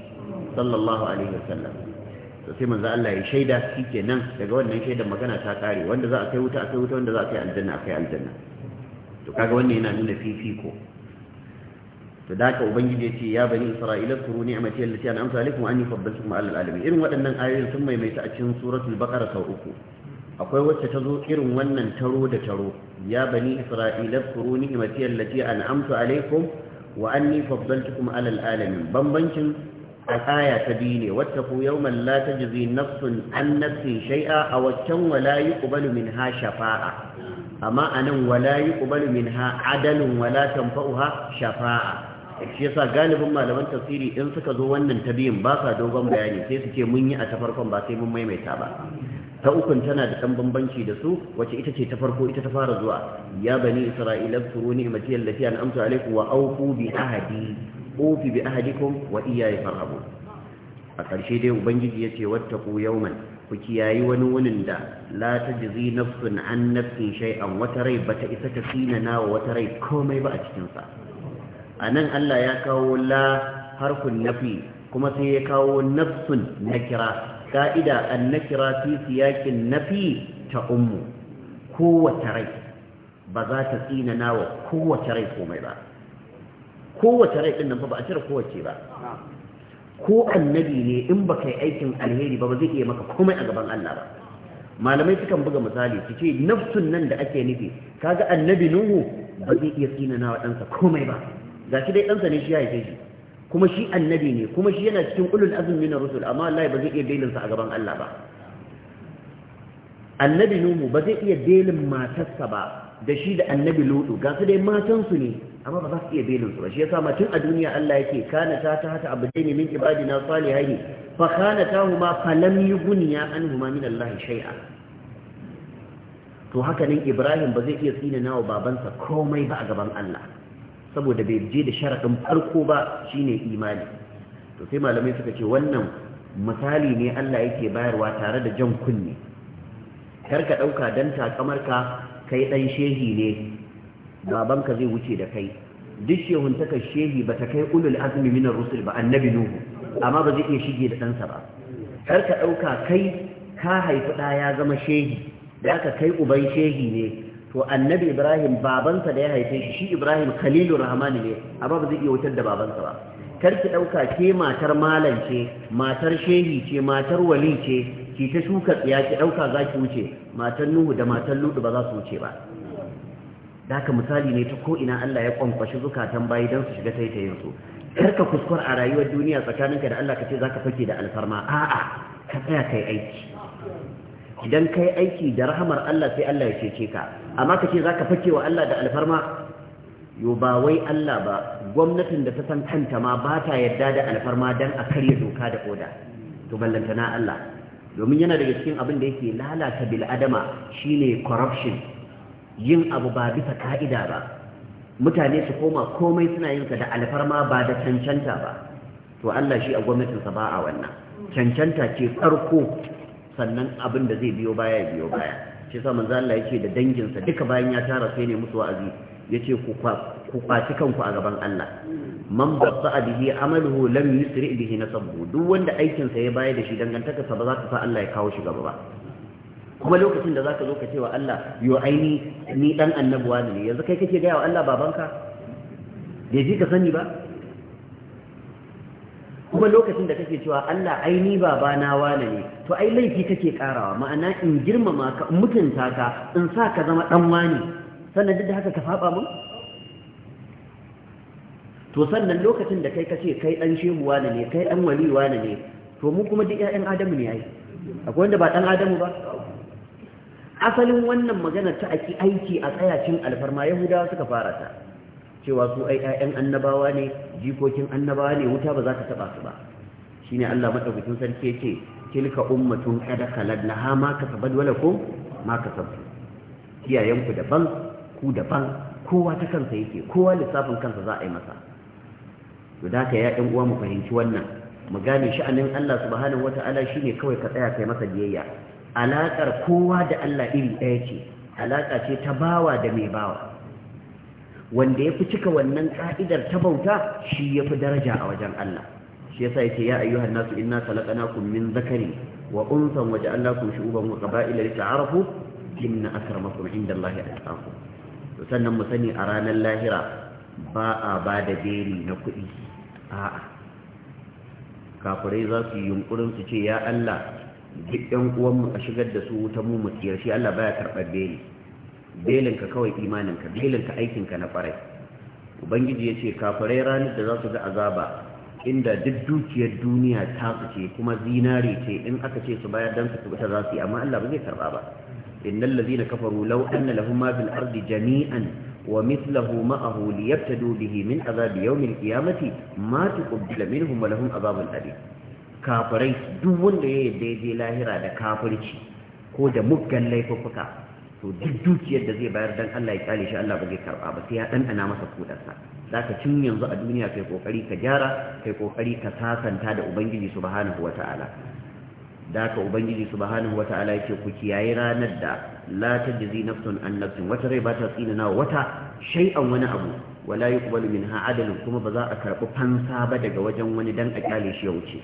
sallallahu alaihi wasallam to sai manzo Allah ya shaida shikenan daga wannan shaidar magana ta kare wanda za a kai wuta a kai wuta wanda za a kai aljanna a kai aljanna to kaga wannan yana nuna fifiko to da haka ubangiji ya ce ya bani isra'ila kuru ni'mati allati an'amtu alaikum wa anni faddaltukum 'alal alamin irin waɗannan ayoyin sun maimaita a cikin suratul baqara sau uku akwai wacce ta zo irin wannan taro da taro ya bani isra'ila kuru ni'mati allati an'amtu alaikum wa anni faddaltukum 'alal alamin bambancin aya ta biyu ne wattaku yawman la tajzi nafsun an nafsin shai'a a waccan wala min ha shafa'a amma a anan wala yuqbalu minha adalun wala ha shafa'a shi yasa galibin malaman tafsiri in suka zo wannan ta biyun ba sa dogon bayani sai su ce mun yi a ta farkon ba sai mun maimaita ba ta ukun tana da ɗan bambanci da su wacce ita ce ta farko ita ta fara zuwa ya bani isra'ila furu ni'mati allati an'amtu alaikum wa awfu bi ahadi ufi bi ahadikum wa iyaya farhabu a ƙarshe dai ubangiji yace wattaqu yawman ku kiyayi wani wunin da la tajzi nafsun an nafsin shay'an wata rai bata isa ta sina na wata rai komai ba a cikin sa a nan Allah ya kawo la harfin nafi kuma sai ya kawo nafsun nakira ka'ida an nakira fi siyakin nafi ta ummu kowace rai ba za ta tsina nawa kowace rai komai ba kowace rai din nan ba a cire kowace ba ko annabi ne in ba kai aikin alheri ba ba zai iya maka komai a gaban Allah ba malamai sukan buga misali su ce nafsun nan da ake nufi kaga annabi nuhu ba zai iya tsina nawa ɗansa komai ba gashi dai ɗansa ne shi ya haife shi kuma shi annabi ne kuma shi yana cikin ulul azumi na rusul amma wallahi ba zai iya dailinsa a gaban Allah ba annabi nuhu ba zai iya belin matarsa ba da shi da annabi lutu ga su dai matansu ne amma ba za su iya belin su ba shi yasa tun a duniya Allah yake kana ta ta hata dai ne min ibadina salihai fa kana ta huma falam yughniya anhuma min Allah shay'a to haka nan Ibrahim ba zai iya tsina nawa babansa komai ba a gaban Allah saboda bai je da sharaɗin farko ba shine imani to sai malamai suka ce wannan misali ne Allah yake bayarwa tare da jan kunne kar ka ɗauka don takamarka kai ɗan shehi ne babanka zai wuce da kai duk shehuntakar shehi ba ta kai ulul azumi minar rusul ba annabi nuhu amma ba zai iya shige da ɗansa ba kar ka ɗauka kai ka haifi ɗa ya zama shehi da aka kai uban shehi ne to annabi ibrahim babansa da ya haife shi shi ibrahim khalilu rahman ne amma ba zai iya wutar da babansa ba kar ki dauka ke matar malam ce matar shehi ce matar wali ce ki ta shuka tsiya ki dauka za ki wuce matar nuhu da matar ludu ba za su wuce ba da haka misali ne ta ko ina Allah ya kwankwashi zukatan bayi don su shiga taitayin su kar ka kuskura a rayuwar duniya tsakaninka da Allah ka ce zaka fake da alfarma a'a ka tsaya kai aiki idan kai aiki da rahamar Allah sai Allah ya cece ka amma kace zaka fake wa Allah da alfarma yo ba wai Allah ba gwamnatin da ta san kanta ma ba ta yarda da alfarma dan a karya doka da oda to ballantana Allah domin yana daga cikin abin da yake lalata bil adama shine corruption yin abu ba bisa ka'ida ba mutane su koma komai suna yin sa da alfarma ba da cancanta ba to Allah shi a gwamnatinsa ba a wannan cancanta ce farko sannan abin da zai biyo baya biyo baya shi sa manzo Allah yake da danginsa duka bayan ya tara sai ne musu wa'azi yace ku ku kwaci kanku a gaban Allah man batta bihi amaluhu lam yusri bihi nasabu duk wanda aikin sa ya baya da shi dangantaka sa ba za ta sa Allah ya kawo shi gaba ba kuma lokacin da zaka zo ka cewa Allah yo aini ni dan annabuwa ne yanzu kai kake ga wa Allah babanka bai ji ka sani ba kuma lokacin da kake cewa Allah ai ni baba na wane ne to ai laifi kake karawa ma'ana in girmama ka in mutunta ka in sa ka zama dan wani sannan duk da haka ka faɓa mun to sannan lokacin da kai kace kai dan shehu wane ne kai dan wali wane ne to mu kuma duk ƴaƴan adamu ne ai akwai wanda ba dan adamu ba asalin wannan magana ta aiki a tsayacin alfarma yahudawa suka fara ta cewa su ai ƴaƴan annabawa ne jikokin annabawa ne wuta ba za ta taba su ba shine Allah madaukakin sarki yace tilka ummatun kada, kalad laha ma kasabat walakum ma kasabtum iyayenku daban ku daban kowa ta kansa yake kowa lissafin kansa za a yi masa to da ka ya uwa mu fahimci wannan mu gane sha'anin Allah subhanahu wata'ala shine kawai ka tsaya kai masa biyayya alaƙar kowa da Allah iri ɗaya ce alaƙa ce ta bawa da mai bawa wanda ya fi cika wannan ka'idar ta bauta shi ya fi daraja a wajen Allah shi yasa yake ya ayyuhan nasu inna khalaqnakum min zakari wa unsan waja'alnakum shu'uban wa qaba'ila lita'arafu inna akramakum indallahi atqakum to sannan mu sani a ranar lahira ba a ba da beri na kuɗi a'a kafirai za su yi yunkurin su ce ya Allah duk ɗan uwanmu a shigar da su wuta mu mu shi Allah baya karɓar beri belinka kawai imaninka belinka aikinka na farai ubangiji ya ce kafarai ranar da za su ga azaba inda duk dukiyar duniya ta ce kuma zinare ce in aka ce su bayar don su kubuta za su yi amma Allah ba zai karba ba innal lazina kafaru law an na ma fil ardi jami'an wa mislahu ma'ahu liyaftadu bihi min azab yawm al qiyamati ma tuqbala min huma lahum azabun alim kafirai duk wanda ya yi daidai lahira da kafirci ko da muggan laifuffuka to duk dukiyar da zai bayar dan Allah ya kyale shi Allah ba zai karba ba sai ya ɗanɗana masa kudarsa zaka cin yanzu a duniya kai kokari ka gyara kai kokari ka sasanta da ubangiji subhanahu wata'ala da ka ubangiji subhanahu wata'ala yake ku kiyaye ranar da la tajzi nafsun an nafsin wata rai ba ta tsina na wata shay'an wani abu wala yuqbalu minha adalun kuma ba za a karbi fansa ba daga wajen wani dan a kyale shi ya wuce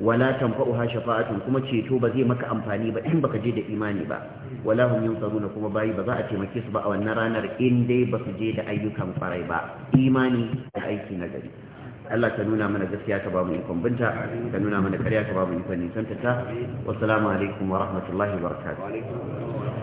wala tanfa'uha shafa'atun kuma ceto ba zai maka amfani ba in baka je da imani ba wala hum yunsaruna kuma bayi ba za a taimake su ba a wannan ranar in dai ba su je da ayyukan farai ba imani da aiki na gari Allah ka nuna mana gaskiya ta ba mu ikon binta ka nuna mana ƙarya ta ba mu ikon nisanta ta wassalamu alaikum wa rahmatullahi wa barakatuh